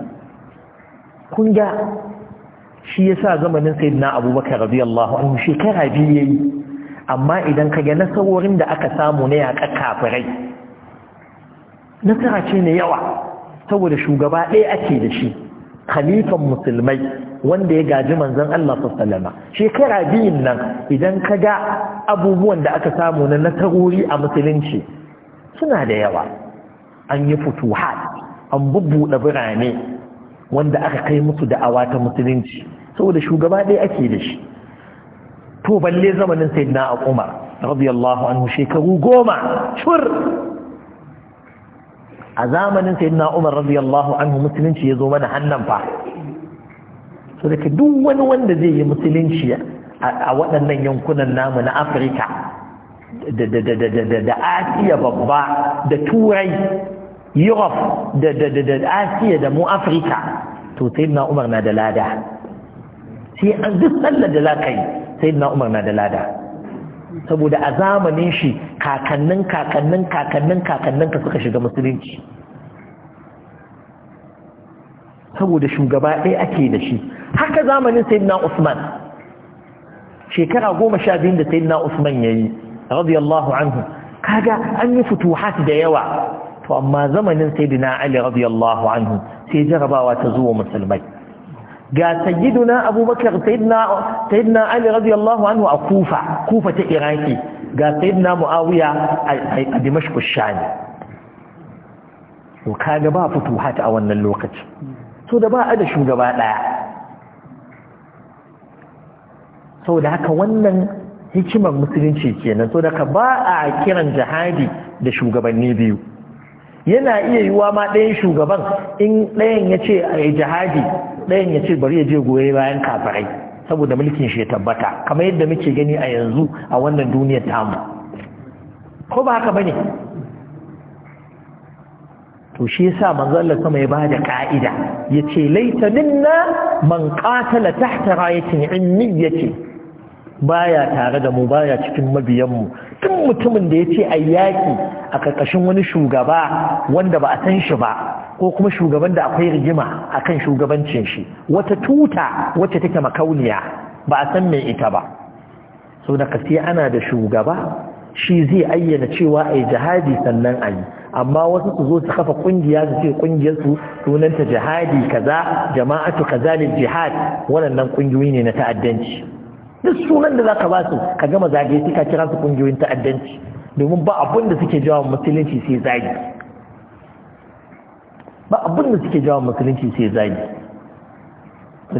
kun ga shi ya sa zamanin sayidina abubakar radiyallahu anhu shekara biyu ya yi amma idan ka ga nasarorin da aka samu na yaƙar kafirai nasara ce na yawa saboda shugaba ɗaya ake da shi khalifan musulmai wanda ya gaji manzan Allah sallama shekara biyun nan idan ka ga abubuwan da aka samu na nasarori a musulunci suna da yawa an yi futuha an bubbuɗe birane wanda aka kai musu da'awa ta musulunci saboda shugaba ɗaya ake da shi to balle zamanin na umar radiyallahu anhu shekaru goma shur a zamanin na umar radiyallahu anhu musulunci ya zo mana hannan fa so da duk wani wanda zai yi musulunci a waɗannan yankunan namu na afirka da asiya babba da turai europe da da da asiya da mu afirka to na umar na da lada sai an duk sallar da za ka yi sayyidina umar na da lada saboda a zamanin shi kakannin kakannin kakannin kakannin ka suka shiga musulunci saboda shugaba ɗaya ake da shi haka zamanin na usman shekara goma sha biyun da na usman ya yi radiyallahu anhu kaga an yi futuhat da yawa to amma zamanin sayyidina ali radiyallahu anhu sai jarabawa ta zuwa musulmai ga sayyiduna abubakar sayyidina ali radiyallahu anhu a kufa kufa ta iraki ga sayyidina muawiya a dimashq shani to kaga ba futuhat a wannan lokaci so da ba a da shugaba daya saboda haka wannan hikimar musulunci kenan saboda ka ba a kiran jihadi da shugabanni biyu yana iya yiwa ma ɗayan shugaban in ɗayan ya ce a yi jihadi ɗayan ya ce bari ya je goye bayan kafirai saboda mulkin shi ya tabbata kamar yadda muke gani a yanzu a wannan duniyar tamu ko ba haka bane to shi yasa manzo Allah sama ya bada ka'ida yace laita minna man qatala tahta rayatin ummiyati baya tare da mu baya cikin mabiyan mu tun mutumin da ya ce a yaƙi a ƙarƙashin wani shugaba wanda ba a san shi ba ko kuma shugaban da akwai rigima a kan shugabancin shi wata tuta wacce take makauniya ba a san mai ita ba so da kasi ana da shugaba shi zai ayyana cewa a jihadi sannan a amma wasu su zo su kafa kungiya su ce su sunanta jihadi kaza jama'atu kaza lil jihad waɗannan kungiyoyi ne na ta'addanci duk sunan da zaka ba su ka gama zage sai ka kira su kungiyoyin ta'addanci domin ba abun da suke jawo musulunci sai zagi ba abun da suke jawo musulunci sai zagi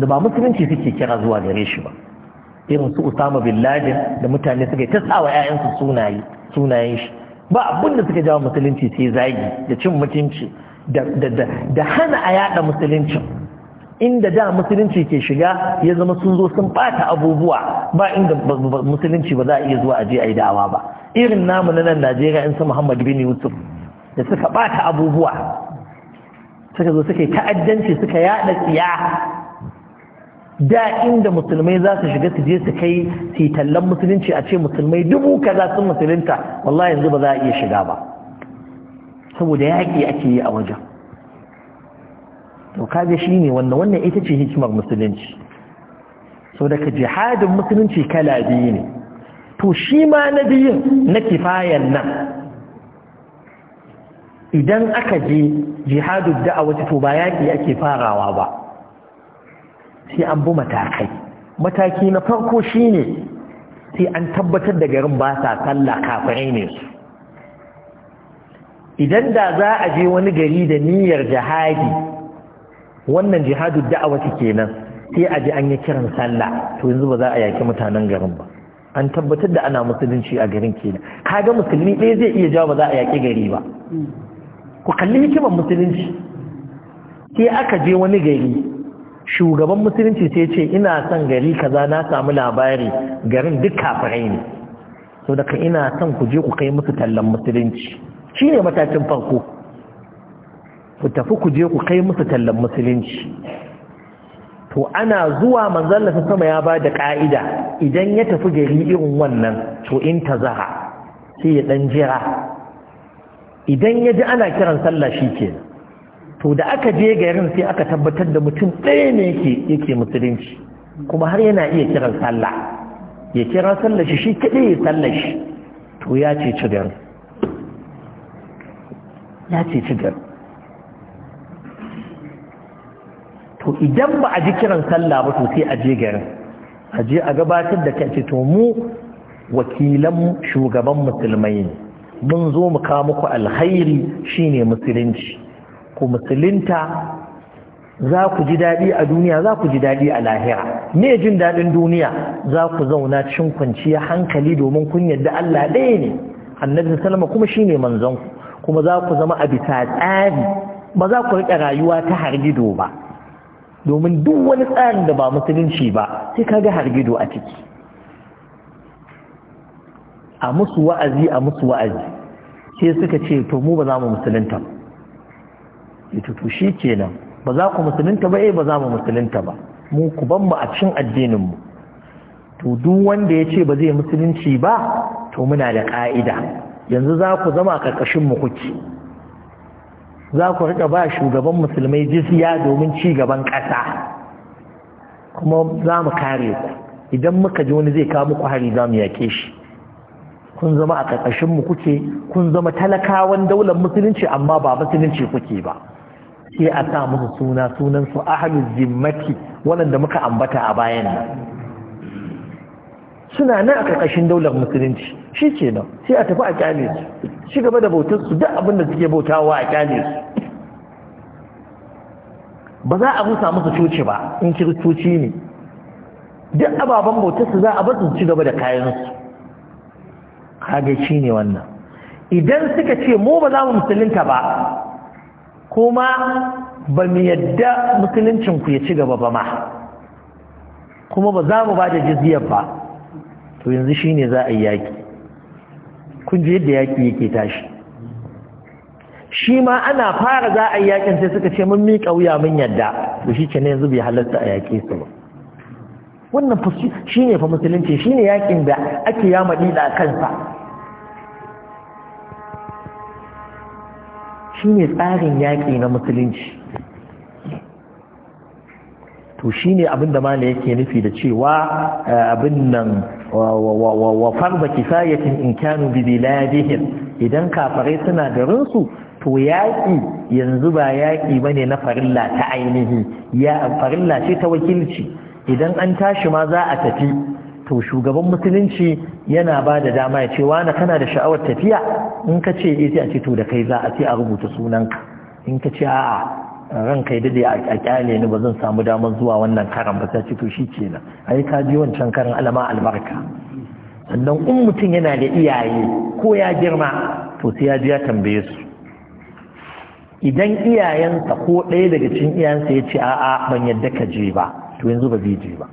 da ba musulunci suke kira zuwa gare shi ba irin su Usama bin Laden da mutane suka yi ta ƴaƴansu sunaye sunayen shi ba abun da suke jawo musulunci sai zagi da cin mutunci da hana a yada musuluncin inda da musulunci ke shiga ya zama sun zo sun bata abubuwa ba inda musulunci ba za a iya zuwa aje a yi dawa ba irin namu na nan najeriya in su muhammad bin yusuf da suka bata abubuwa suka zo suka yi ta'addanci suka yada tsiya da inda musulmai za su shiga su je su kai su tallan musulunci a ce musulmai dubu kaza sun musulunta wallahi yanzu ba za a iya shiga ba saboda yaƙi ake yi a wajen to kaga shine wannan wannan ita ce hikimar musulunci so daga jihadin musulunci kala biyu ne to shi ma na biyu na kifayan nan idan aka je a da'awa to ba yaƙi ake farawa ba sai an bi matakai mataki na farko shine sai an tabbatar da garin ba sa sallah kafirai ne su idan da za a je wani gari da niyyar jihadi wannan jihadu da'awati kenan sai a ji an yi kiran sallah to yanzu ba za a yaki mutanen garin ba an tabbatar da ana musulunci a garin kenan kaga musulmi ɗaya zai iya jawo ba za a yaki gari ba ku kalli hikimar musulunci sai aka je wani gari shugaban musulunci sai ce ina son gari kaza na samu labari garin duk kafirai ne so daga ina son ku je ku kai musu tallan musulunci shine matakin farko ku tafi ku je ku kai musu tallan musulunci to ana zuwa manzalla ta sama ya ba da ka'ida idan ya tafi gari irin wannan to in ta zaha sai ya dan jira idan ya ji ana kiran sallah shi ke, to da aka je garin sai aka tabbatar da mutum ɗaya ne yake musulunci kuma har yana iya kiran sallah ya kira sallah shi shi kaɗai ya sallah shi to ya ce ci garin ya ce ci garin to idan ba a ji kiran sallah ba to sai a je garin a je a gabatar da kai to mu wakilan shugaban musulmai ne mun zo mu kawo muku alkhairi shine musulunci ku musulunta za ku ji daɗi a duniya za ku ji daɗi a lahira me jin daɗin duniya za ku zauna cikin kwanciya hankali domin kun yarda Allah ɗaya ne annabi salama kuma shine manzon ku kuma za ku zama a bisa tsari ba za ku riƙe rayuwa ta hargido ba domin duk wani tsarin da ba musulunci ba sai ka ga hargido a ciki a musu wa'azi a musu wa'azi sai suka ce to mu ba za mu musulunta ita to shi kenan ba za ku musulunta ba eh ba za mu musulunta ba mu ku ban mu a cikin addinin mu to duk wanda ya ce ba zai musulunci ba to muna da ka'ida yanzu za ku zama a ƙarƙashin mu kuke za ku rika ba shugaban musulmai jisiya domin ci gaban ƙasa kuma za mu kare ku idan muka ji wani zai kawo muku hari za mu yake shi kun zama a ƙarƙashin mu kuke kun zama talakawan daular musulunci amma ba musulunci kuke ba sai a sa musu suna sunan su ahlu zimmati waɗanda muka ambata a bayan nan suna nan a ƙarƙashin daular musulunci shi ke nan sai a tafi a kyale su shi gaba da bautar su duk abinda suke bautawa a kyale su ba za a rusa musu coci ba in kiristoci ne duk ababen bautar su za a basu ci gaba da kayansu haga shi ne wannan idan suka ce mu ba za mu musulunta ba kuma ba mu yadda musuluncinku ya ci gaba ba ma kuma ba za mu ba da jiziyar ba to yanzu shi ne za a yi yaki kun ji yadda yaƙi yake tashi shi ma ana fara za a yi yaƙin sai suka ce mun miƙa wuya mun yadda to shi ke ne yanzu bai halarta a yaƙe su ba wannan fuski shi ne fa musulunci shi ne yaƙin da ake yama ɗiɗa a kansa shi ne tsarin yaƙi na musulunci to shi ne abin da ne yake nufi da cewa eh, abin nan wa farba kifayatin in kanu bi biladihim idan kafarai suna garin su to yaƙi yanzu ba yaƙi bane na farilla ta ainihi ya farilla ce ta wakilci idan an tashi ma za a tafi to shugaban musulunci yana ba da dama ya ce wani kana da sha'awar tafiya in ka ce eh, a ce to da kai za a ce a rubuta sunanka in ka ce a'a ran kai dade a kyale ni ba zan samu damar zuwa wannan karan ba ta ce to shi nan ai ka ji wancan karan alama albarka sannan in mutum yana da iyaye ko ya girma to sai ya ji ya tambaye su idan iyayensa ko ɗaya daga cikin iyayensa ya ce a'a ban yadda ka je ba to yanzu ba zai je ba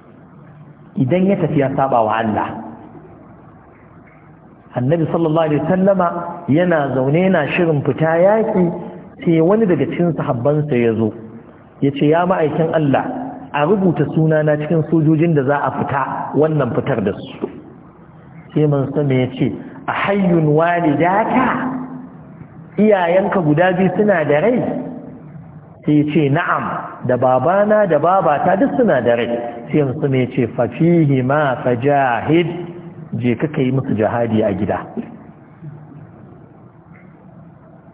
idan ya tafi ya saba wa Allah annabi sallallahu alaihi wasallama yana zaune yana shirin fita yaki sai wani daga cikin sahabbansa ya zo ya ce ya ma'aikin Allah a rubuta suna na cikin sojojin da za a fita wannan fitar da su sai mansama ya ce a hayyun data iyayenka guda biyu suna da rai sai ce na'am da babana da babata duk suna da rai sai mansama ya ce fafihi ma fajahid je ka kai musu jihadi a gida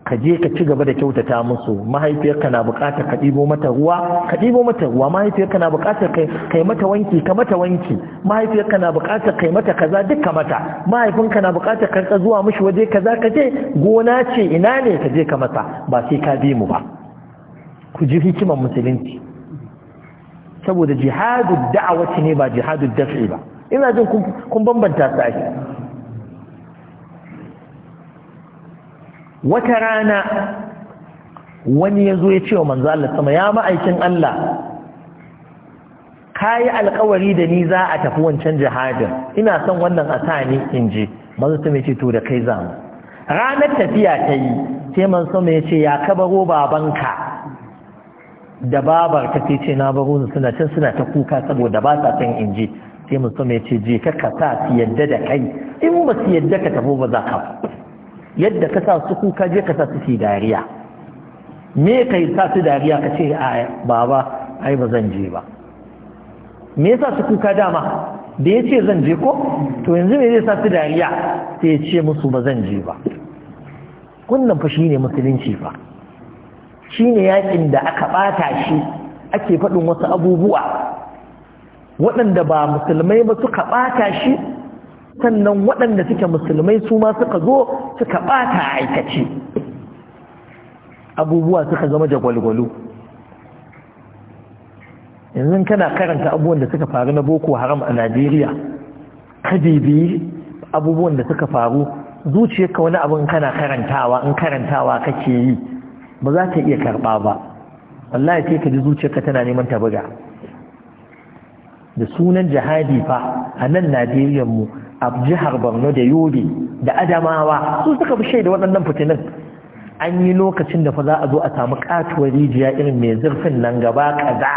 ka je ka ci gaba da kyautata musu mahaifiyarka na bukatar ka ɗibo mata ruwa ka ɗibo mata ruwa mahaifiyarka na bukatar kai mata wanki ka mata wanki mahaifiyarka na bukatar kai mata kaza duka mata mahaifinka na bukatar ka zuwa mishi waje kaza ka je gona ce ina ne ka je ka masa ba sai ka bi mu ba ku ji hikimar musulunci saboda jihadu da'awati ne ba jihadu daf'i ba ina jin kun bambanta su ake wata rana wani ya zo ya ce wa manzo sama ya ma'aikin Allah kayi alkawari da ni za a tafi wancan jihadin ina son wannan a sa ni in je manzo sama ya to da kai za mu ranar tafiya ta yi sai manzo sama ya ce ya ka baro babanka da babar ta ce na baro su suna can suna ta kuka saboda ba sa son in je sai manzo sama ya ce je ka ka sa su yadda da kai in ba su yadda ka tafi ba za ka yadda ka sa su kuka je ka sa su fi dariya me yi sa su dariya ka ce a baba ai ba zan je ba me sa su kuka dama da ya ce zan je ko to yanzu me zai sa su dariya sai ya ce musu ba zan je ba Kunnan fa shine musulunci fa shine yakin da aka bata shi ake faɗin wasu abubuwa waɗanda ba musulmai ba suka bata shi sannan waɗanda suke musulmai su ma suka zo suka ɓata a aikace abubuwa suka zama jagwalgwalo yanzu kana karanta abubuwan da suka faru na boko haram a najeriya ka abubuwan da suka faru zuciyarka wani abin kana karantawa in karantawa kake yi ba za ta iya karɓa ba wallahi sai ka ji zuciyarka tana neman ta buga da sunan jihadi fa a nan najeriyar mu a jihar borno da yobe da adamawa su suka fi shaida waɗannan fitinin an yi lokacin da fa za a zo a samu katuwar rijiya irin mai zurfin nan gaba kaza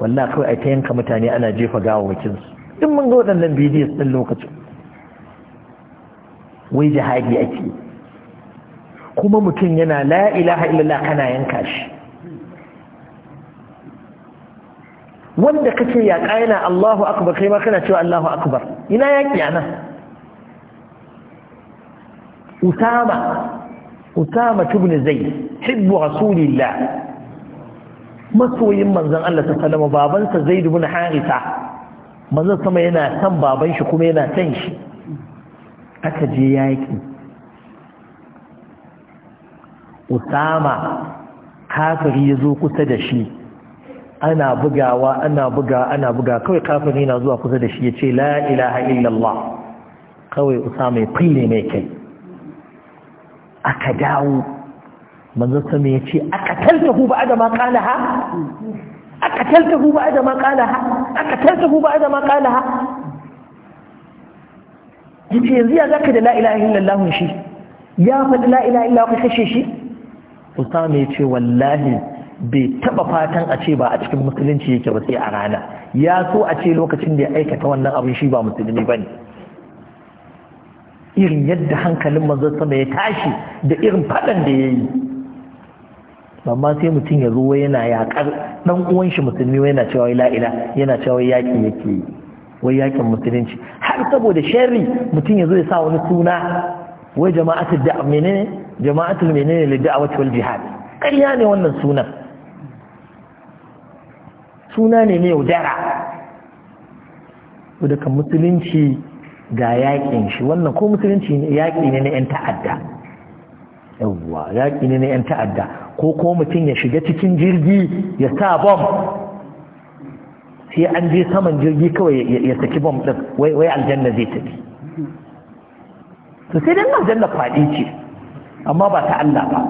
wallah kawai a ta yanka mutane ana jefa gawawakin su in mun ga waɗannan bidiyos ɗin lokacin wai jihadi ake kuma mutum yana la ilaha illallah kana yanka shi wanda kace ya yana Allahu akbar kai ma kana cewa Allahu akbar ina yaki ana. Usama Usama ibn Zaid hibbu rasulillah masoyin manzon Allah ta sallama babansa Zaid ibn Haritha manzon sama yana san baban shi kuma yana san shi aka je yaki Usama kafiri ya zo kusa da shi ana bugawa ana buga ana buga kawai kafin yana zuwa kusa da shi ya ce la ilaha illallah kawai usama ya fille mai kai aka dawo manzo sama ya ce aka taltahu ba adama kala ha aka taltahu ba adama kala ha aka taltahu ba adama kala ha yace yanzu ya zaka da la ilaha illallah shi ya faɗi la ilaha illallah ka kashe shi usama ya ce wallahi bai taba fatan a ce ba a cikin musulunci yake ba sai a rana ya so a ce lokacin da ya aikata wannan abin shi ba musulmi bane irin yadda hankalin mazan sama ya tashi da irin fadan da ya yi amma sai mutum ya zo yana yaƙar dan uwan shi musulmi yana cewa la ila yana cewa yaki yake wai yakin musulunci har saboda sharri mutum ya zo ya sa wani suna wai jama'atul da'a menene jama'atul menene lidda'awati wal jihad ƙarya ne wannan sunan suna ne mai yaudara daga musulunci ga yakin shi wannan ko musulunci yaƙi ne na 'yan ta'adda yawwa yaƙi ne na 'yan ta'adda ko ko mutum ya shiga cikin jirgi ya sa bom sai an je saman jirgi kawai ya saki bom ɗin wai aljanna zai tafi to sai dan aljanna faɗi ce amma ba ta Allah ba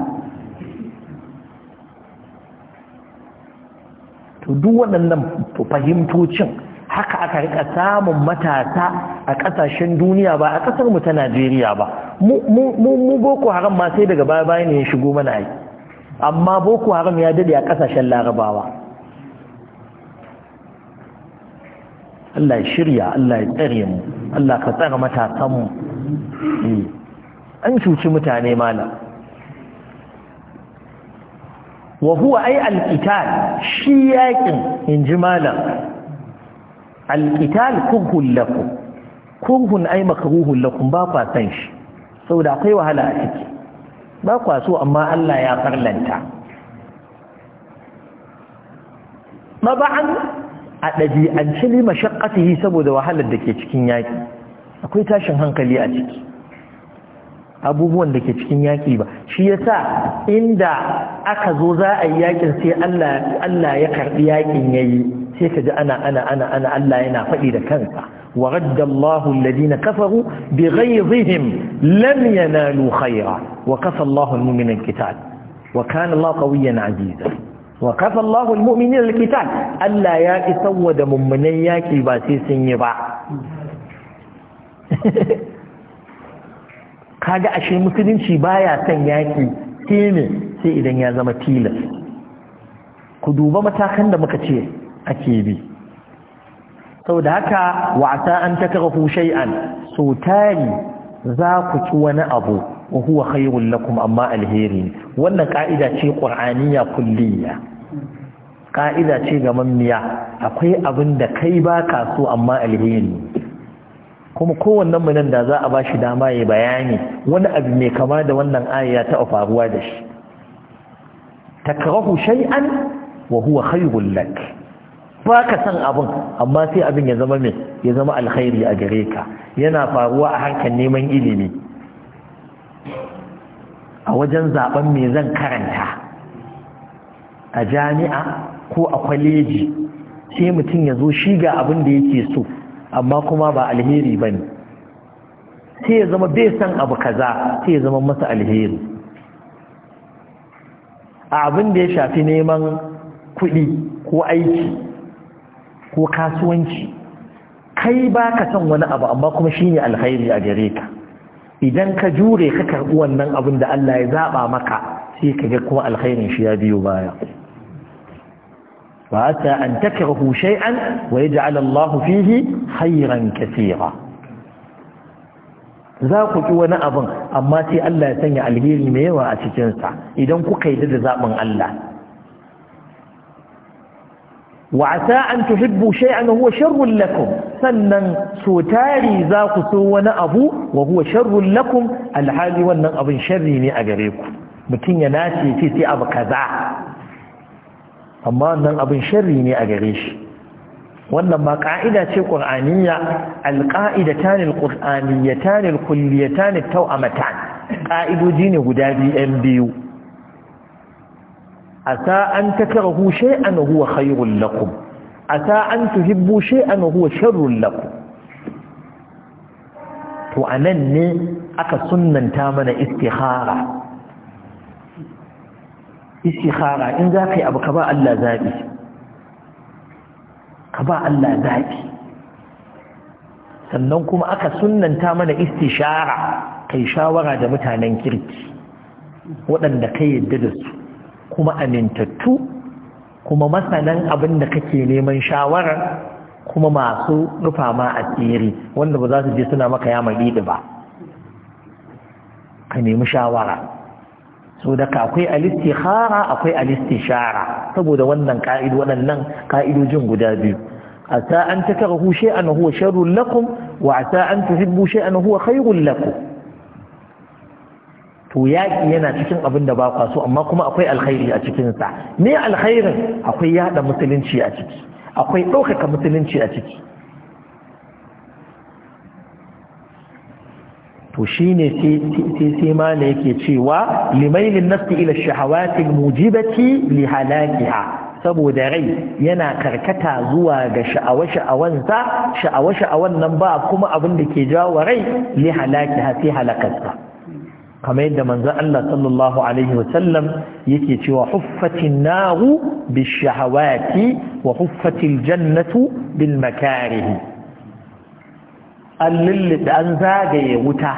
to duk waɗannan fahimtocin haka aka rika samun matasa a ƙasashen duniya ba a ƙasar mu ta Najeriya ba mu boko haram ma sai daga baya bayan ya shigo mana yi amma boko haram ya dade a ƙasashen larabawa Allah ya shirya Allah ya tsare mu Allah ka tsare matasan mu eh, an cuci mutane malam wa huwa ai alqital shi yakin inji malam alqital kurhun lakum kurhun ai makruhun lakum ba kwa san shi saboda akwai wahala a ciki ba kwa so amma Allah ya farlanta maba'an a ɗabi'ance ne mashaƙatihi saboda wahalar da ke cikin yaƙi akwai tashin hankali a ciki abubuwan da ke cikin yaƙi ba shi yasa inda aka zo za a yi yaƙin sai Allah ya karɓi yaƙin ya yi sai ka ji ana ana ana ana Allah yana faɗi da kansa wa radda Allahu alladhina kafaru bi ghayzihim lam yanalu khayra wa kafa Allahu muminin muminina wa kana Allahu qawiyyan 'aziza wa kafa Allahu muminin muminina Allah ya isawwa da mummunan yaƙi ba sai sun yi ba kaga ashe musulunci baya son yaƙi sai ne sai idan ya zama tilas ku duba matakan da muka ce ake bi sau da haka wa'ata an taka shay'an so tari za ku ci wani abu wa huwa khairul lakum amma alheri wannan ka'ida ce qur'aniya kulliya ka'ida ce ga mammiya akwai abin da kai ba ka so amma alheri kuma kowanne mu nan da za a ba shi dama ya bayani wani abu mai kama da wannan aya ta faruwa da shi takrahu shay'an wa huwa khayrul lak ba ka san abin amma sai abin ya zama mai ya zama alkhairi a gare ka yana faruwa a harkar neman ilimi a wajen zaben mai zan karanta a jami'a ko a kwaleji sai mutum ya zo shi ga abin da yake so amma kuma ba alheri ba ne sai ya zama bai san abu kaza sai ya zama masa alheri a abin da ya shafi neman kuɗi ko aiki ko kasuwanci kai ba ka san wani abu amma kuma shi ne alheri a gare ka idan ka jure ka karɓi wannan abin da Allah ya zaɓa maka sai ka ga kuma alherin shi ya biyo baya فعسى أن تكرهوا شيئا ويجعل الله فيه خيرا كثيرا za ku ki wani abin amma sai Allah ya sanya alheri mai yawa a cikinsa idan kuka yi da zaɓin Allah wa asa an tuhibbu shay'an huwa sharrun lakum sannan so tari za ku so wani abu wa huwa sharrun lakum alhali wannan abin sharri ne a gare ku mutum ya nace sai sai abu kaza amma wannan abin sharri ne a gare shi wannan ma ka'ida ce qur'aniyya alqa'idatan alqur'aniyatan alkulliyatan at-tawamatan ka'idoji ne guda biyan biyu asa an takrahu shay'an huwa khairul lakum asa an tuhibbu shay'an huwa sharrul lakum to anan ne aka sunnanta mana istikhara istikhara in za ka yi abu ka ba Allah zaɓi ka ba Allah zaɓi sannan kuma aka sunnanta mana istishara kai shawara da mutanen kirki waɗanda ka yadda da su kuma amintattu kuma masanan abin da kake neman shawara, kuma masu rufa ma a tsiri wanda ba za su je suna maka ya maɗiɗi ba ka nemi shawara so da akwai alistikhara akwai alistishara saboda wannan ka'id waɗannan ka'idojin guda biyu asa an takrahu shay'an huwa sharrun lakum wa asa an tuhibbu shay'an huwa khairun lakum to yaƙi yana cikin abin da ba kwa so amma kuma akwai alkhairi a cikinsa me alkhairin akwai yada musulunci a ciki akwai ɗaukaka musulunci a ciki to shine sai sai ne yake cewa limailin nafsi ila shahawati mujibati li halakiha saboda rai yana karkata zuwa ga sha'awa-sha'awansa sha'awa-sha'awan nan ba kuma abin da ke jawo rai li halakiha sai halakarsa kamar yadda manzon Allah sallallahu alaihi Wasallam yake cewa huffatin naru shahawati wa huffatil jannatu bil makarihi an lullube an zagaye wuta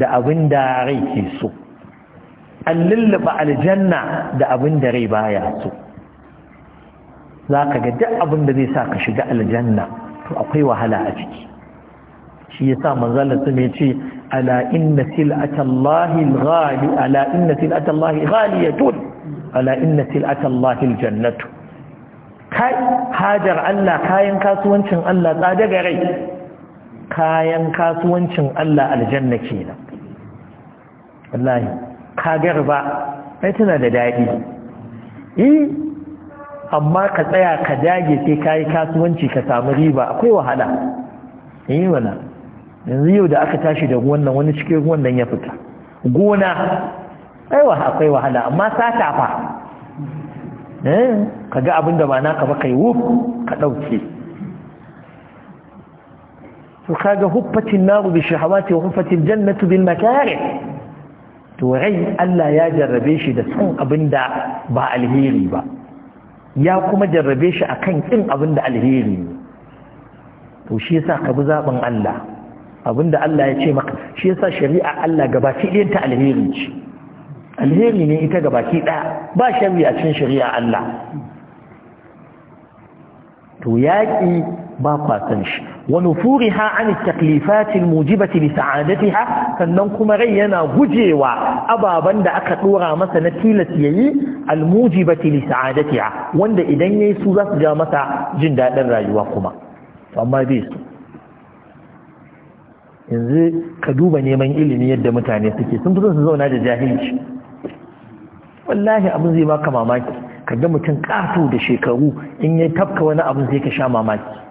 da abin da rai ke so an lullube aljanna da abin da rai baya so za ka ga duk abin da zai sa ka shiga aljanna to akwai wahala a ciki shi ya sa manzalar su mai ce ala inna sil'atallahi ghali ala inna sil'atallahi ghaliyatun ala inna sil'atallahi kai hajar Allah kayan kasuwancin Allah tsada ga rai kayan kasuwancin Allah aljanna kenan wallahi ka ba ai tana da daɗi eh amma ka tsaya ka dage sai kayi kasuwanci ka samu riba akwai wahala eh wala yanzu yau da aka tashi da wannan wani cikin ruwan ya fita gona aiwa akwai wahala amma sata fa eh kaga abin da ba ka ba kai wuf ka ɗauke. to kaga huffatin naru bi shahawati wa huffatin jannatu bil makarih to rai Allah ya jarrabe shi da son abinda ba alheri ba ya kuma jarrabe shi akan kin abinda alheri ne to shi yasa ka zaben Allah abinda Allah ya ce maka shi yasa shari'a Allah gabaki ɗayan ta alheri ce alheri ne ita gabaki ɗaya ba shari'a cin shari'a Allah to yaƙi ba kwa san shi wa nufuriha an taklifati mujibati li sa'adatiha sannan kuma rai yana gujewa ababan da aka dora masa na tilas yayi al mujibati li sa'adatiha wanda idan yayi su za su ja masa jin dadin rayuwa kuma amma bai su yanzu ka duba neman ilimi yadda mutane suke sun fi su zauna da jahilci wallahi abin zai baka mamaki ka ga mutum ƙato da shekaru in ya tafka wani abin zai ka sha mamaki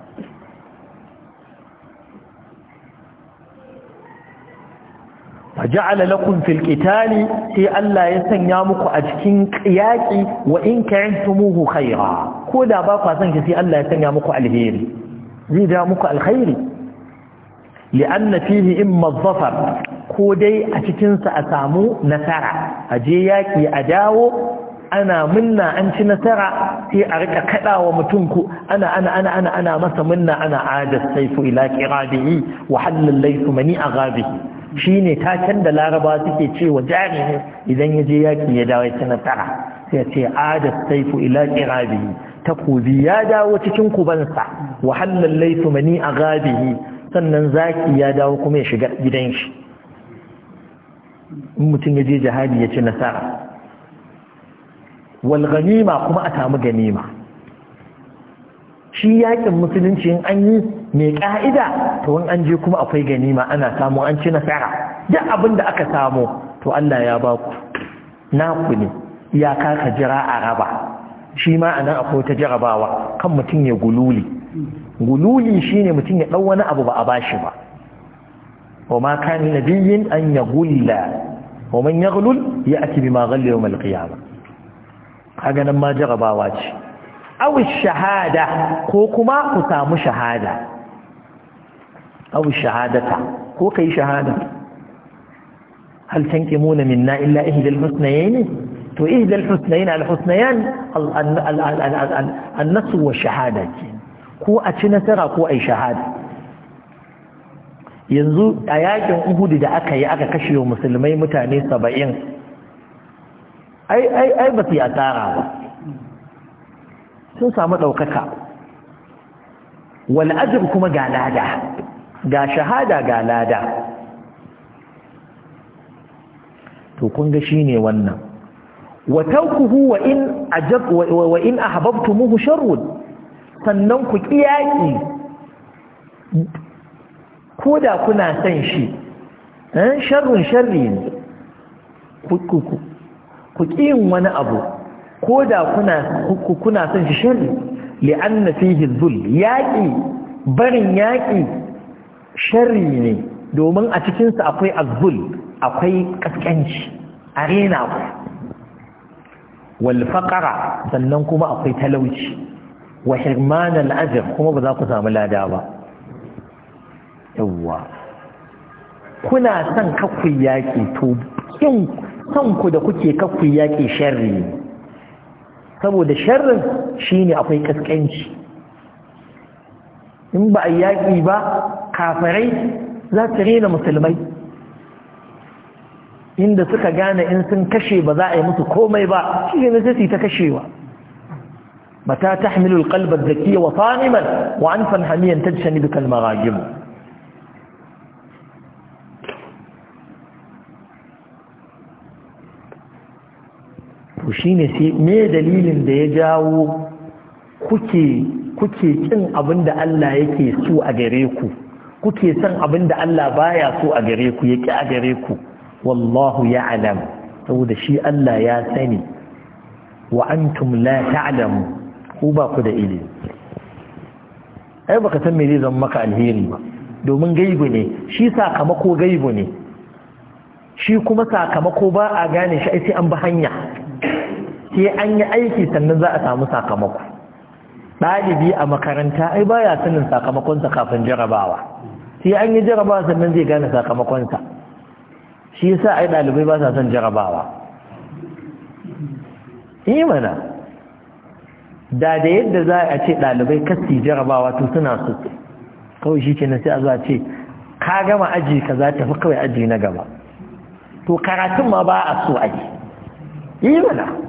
a faja'ala lakum fil qitali sai Allah ya sanya muku a cikin yaki wa in ka'antumuhu khaira ko da ba ku san ki sai Allah ya sanya muku alheri zai da muku alkhairi li'anna fihi imma dhafar ko dai a cikin sa a samu nasara a je yaki a dawo ana minna an ci nasara sai a rika kadawa mutum ku ana ana ana ana ana masa minna ana adas saifu ila qiradihi wa halal laysu mani aghabihi shine taken da laraba suke cewa jami'in idan ya je yaki ya dawo ya nasara sai ce adat saifu ila qirabihi takobi ya dawo cikin kubansa wa halal laysu mani aghabihi sannan zaki ya dawo kuma ya shiga gidan shi in mutum ya je jihadi ya ci nasara wal ganima kuma a samu ganima shi yakin musulunci in an yi mai ka'ida to in an je kuma akwai ganima ana samu an ci nasara duk abin da aka samu to Allah ya ba ku naku ne iyaka ka jira a raba shi ma a nan akwai ta jarabawa kan mutum ya gululi gululi shine mutum ya ɗau wani abu ba a bashi ba wa ma kan nabiyyin an ya gulla wa man ya gulul ya ake bi ma galle yau malƙiyama kaga nan ma jarabawa ce aw shahada ko kuma ku samu shahada aw shahadata ko kai shahada hal tankimuna minna illa ihda al-husnayn to ihda al-husnayn al-husnayn an-nasu wa shahadati ko a ci nasara ko ai shahada yanzu a yakin uhudu da aka yi aka kashe musulmai mutane 70 ai ai ai ba su yi asara ba sun samu ɗaukaka wani wal'ajir kuma ga lada ga shahada ga lada to kun ga shi ne wannan wa taukuhu wa in ajab wa in ahbabtumuhu sharrun sannan ku kiyaki da kuna san shi eh sharrun sharri ne ku ku ku kiyin wani abu ko da kuna kuna son shi sharri na fihi dhul Yaƙi, barin yaƙi, sharri ne domin a cikinsa akwai azzul akwai kaskanci arena ku wal sannan kuma akwai talauci wa hirman al kuma ba za ku samu lada ba yawwa kuna son kakku yaƙi to kin son ku da kuke kakku yaƙi sharri ne saboda sharrin shine akwai kaskanci in ba a yaƙi ba kafirai za su rena musulmai inda suka gane in sun kashe ba za a yi musu komai ba shi ne sai ta kashewa mata tahmilu kalbar adh-dhakiyya wa saniman wa anfan hamiyan tajtanibu kal maghajim to ne sai me dalilin da ya jawo kuke kuke kin abin da Allah yake so a gare ku kuke san abinda Allah baya so a gare ku yake a gare ku wallahu ya'lam saboda shi Allah ya sani wa antum la ta'lamu ku ba ku da ilimi ai baka san me zai zama maka alheri ba domin gaibu ne shi sakamako gaibu ne shi kuma sakamako ba a gane shi ai sai an bi hanya sai an yi aiki sannan za a samu sakamako ɗalibi a makaranta ai baya sanin sakamakonsa kafin jarabawa sai an yi jarabawa sannan zai gane sakamakonsa shi yasa ai ɗalibai ba sa son jarabawa imana da da yadda za a ce ɗalibai kasi jarabawa to suna su kawai shi ke na sai a zuwa ce ka gama aji ka za ta fi kawai aji na gaba to karatun ma ba a so aji imana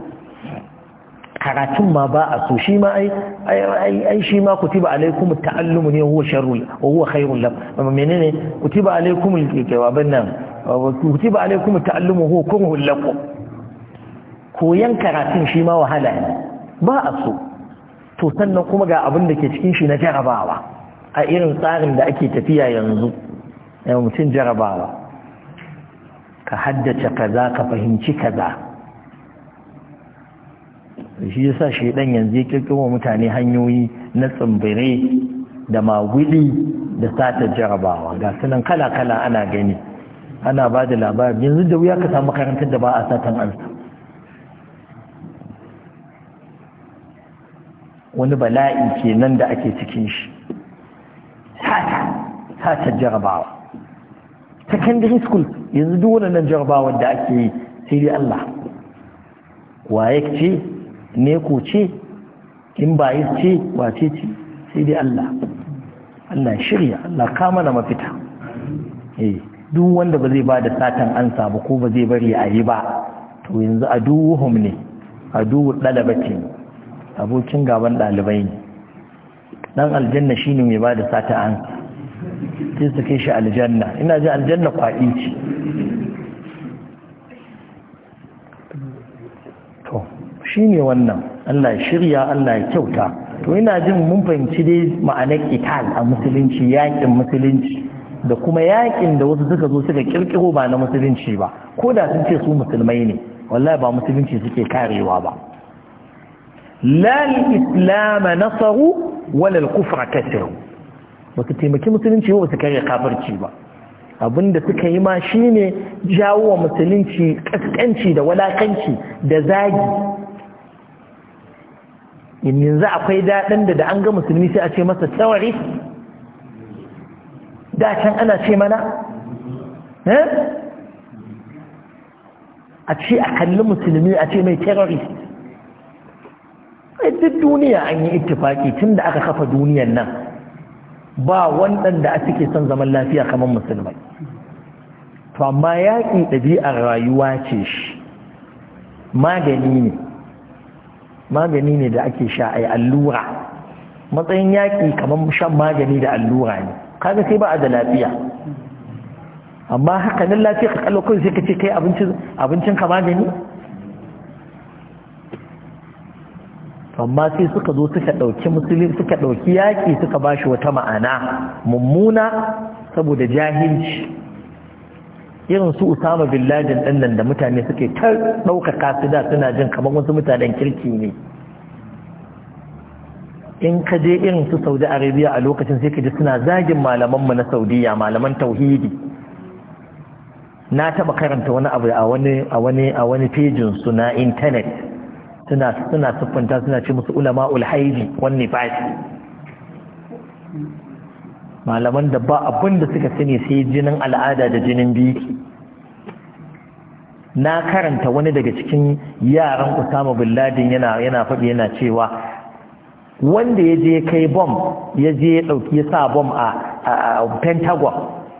karatun ma ba a so shi ma ai ai shi ma kutiba alaikum ta'allumu ne huwa sharrul wa huwa khairul lakum menene kutiba alaikum abin nan kutiba alaikum ta'allumu huwa kurhul lakum koyan karatun shi ma wahala ne ba a so to sannan kuma ga abin da ke cikin shi na jarabawa a irin tsarin da ake tafiya yanzu mutum jarabawa ka haddace kaza ka fahimci kaza shi yasa shaidan yanzu ya kirkiro mutane hanyoyi na tsumbire da magudi da sata jarabawa ga sunan kala-kala ana gani ana ba da labari yanzu da wuya ka samu karantar da ba a satan ansa wani bala'i kenan da ake cikin shi sata sata jarabawa secondary school yanzu duk wannan jarabawar da ake yi sai dai Allah yake ce ne neko ce in ba yi ce wace ce sai dai Allah Allah shirya Allah kama na mafita eh duk wanda ba zai ba da satan ansa ba ko ba zai bari a yi ba to yanzu a duhum ne a duwu ɗalabati abokin gaban ɗalibai ne dan aljanna shine mai ba da satan ansa sai su kai shi aljanna ina ji aljanna kwaɗi ce shine wannan Allah ya shirya Allah ya kyauta to ina jin mun fahimci dai ma'anar ital a musulunci yakin musulunci da kuma yakin da wasu suka zo suka kirkiro ba na musulunci ba ko da sun ce su musulmai ne wallahi ba musulunci suke karewa ba la islam nasaru wala kufra kasaru ba su taimaki musulunci ba su kare kafirci ba abinda suka yi ma shine jawo wa musulunci kaskanci da walakanci da zagi yanzu akwai daɗin da da an ga musulmi sai a ce masa tsawari da can ana ce mana eh? a ce a kalli musulmi a ce mai terrorist duk duniya an yi ittifaki tun da aka kafa duniyan nan ba waɗanda a suke son zaman lafiya kamar musulmai to amma yaƙi ɗabi'ar rayuwa ce shi magani ne magani ne da ake sha a yi allura matsayin yaƙi kamar shan magani da allura ne kaga sai ba a da lafiya amma haka nan lafiya ka kallo kai sai ka ce kai abincin ka magani amma sai suka zo suka ɗauki musulun suka ɗauki yaƙi suka ba shi wata ma'ana mummuna saboda jahilci irin su Usama bin Laden din nan da mutane suke ta ɗaukaka su da suna jin kamar wasu mutanen kirki ne in ka je irin su Saudi Arabia a lokacin sai ka ji suna zagin malaman mu na Saudiya malaman tauhidi na taba karanta wani abu a wani a wani a wani pejin su na intanet, suna suna suna ce musu ulama haidi wan nifasi malaman da ba abin da suka sani sai jinin al'ada da jinin biki na karanta wani daga cikin yaran Usama bin Laden yana yana faɗi yana cewa wanda ya je kai bom ya je ya ɗauki ya sa bom a Pentagon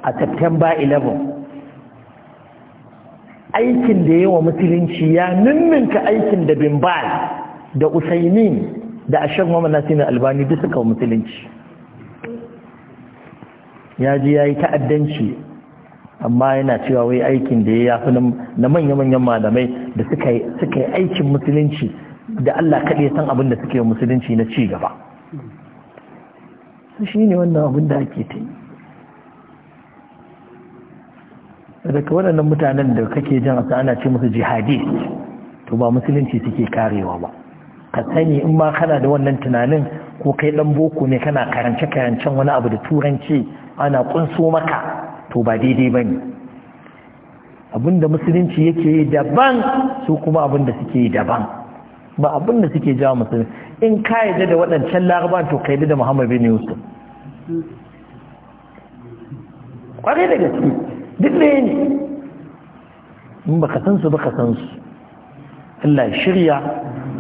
a September 11 aikin da yawa musulunci ya ninninka aikin da Bimbal da Usaini da Ashar Muhammad Nasir Albani duk suka musulunci ya ji ya yi ta'addanci amma yana cewa wai aikin da ya yafi na manya-manyan malamai da suka yi aikin musulunci da Allah kaɗe san abin da suke musulunci na ci gaba shi ne wannan abin da ake ta yi daga waɗannan mutanen da kake jan asa ana ce musu jihadi to ba musulunci suke karewa ba ka sani in ma kana da wannan tunanin ko kai dan boko ne kana karance karancen wani abu da turanci ana kunso maka to ba daidai bane abinda musulunci yake yi daban su kuma abinda suke yi daban ba abinda suke jawo musulunci in ka yadda da waɗancan laraban to ka yadda da muhammad bin yusuf kwarai da gaske duk da ne in ba ka san su ba ka san su Allah ya shirya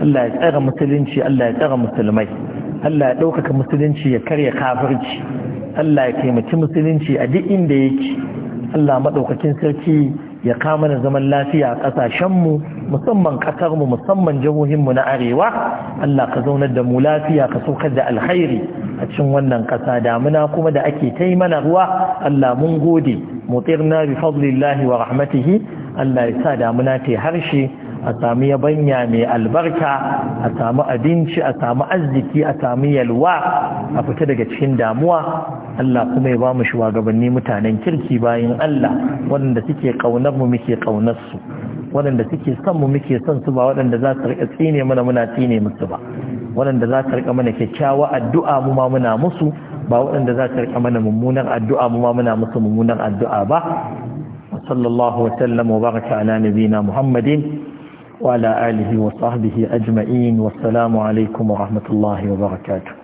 Allah ya tsara musulunci Allah ya tsara musulmai Allah ya ɗaukaka musulunci ya karya kafirci Allah ya taimaki musulunci a duk inda yake Allah maɗaukakin sarki ya kama na zaman lafiya a ƙasashenmu musamman ƙasarmu musamman jihohinmu na arewa Allah ka zaunar da mu lafiya ka saukar da alkhairi a cikin wannan ƙasa damuna kuma da ake ta yi mana ruwa Allah mun gode mutirna bi fadlillahi wa rahmatihi Allah ya sa damuna ta harshe a sami yabanya mai albarka a sami abinci a sami arziki a sami yalwa a fita daga cikin damuwa Allah kuma ya ba mu shugabanni mutanen kirki bayan Allah waɗanda suke ƙaunar mu muke ƙaunar su waɗanda suke son mu muke son su ba waɗanda za su rika tsine mana muna tsine musu ba waɗanda za su rika mana kyakkyawa addu'a mu ma muna musu ba waɗanda za su rika mana mummunan addu'a mu ma muna musu mummunan addu'a ba sallallahu wa sallam wa baraka ala nabiyina muhammadin وعلى آله وصحبه أجمعين والسلام عليكم ورحمة الله وبركاته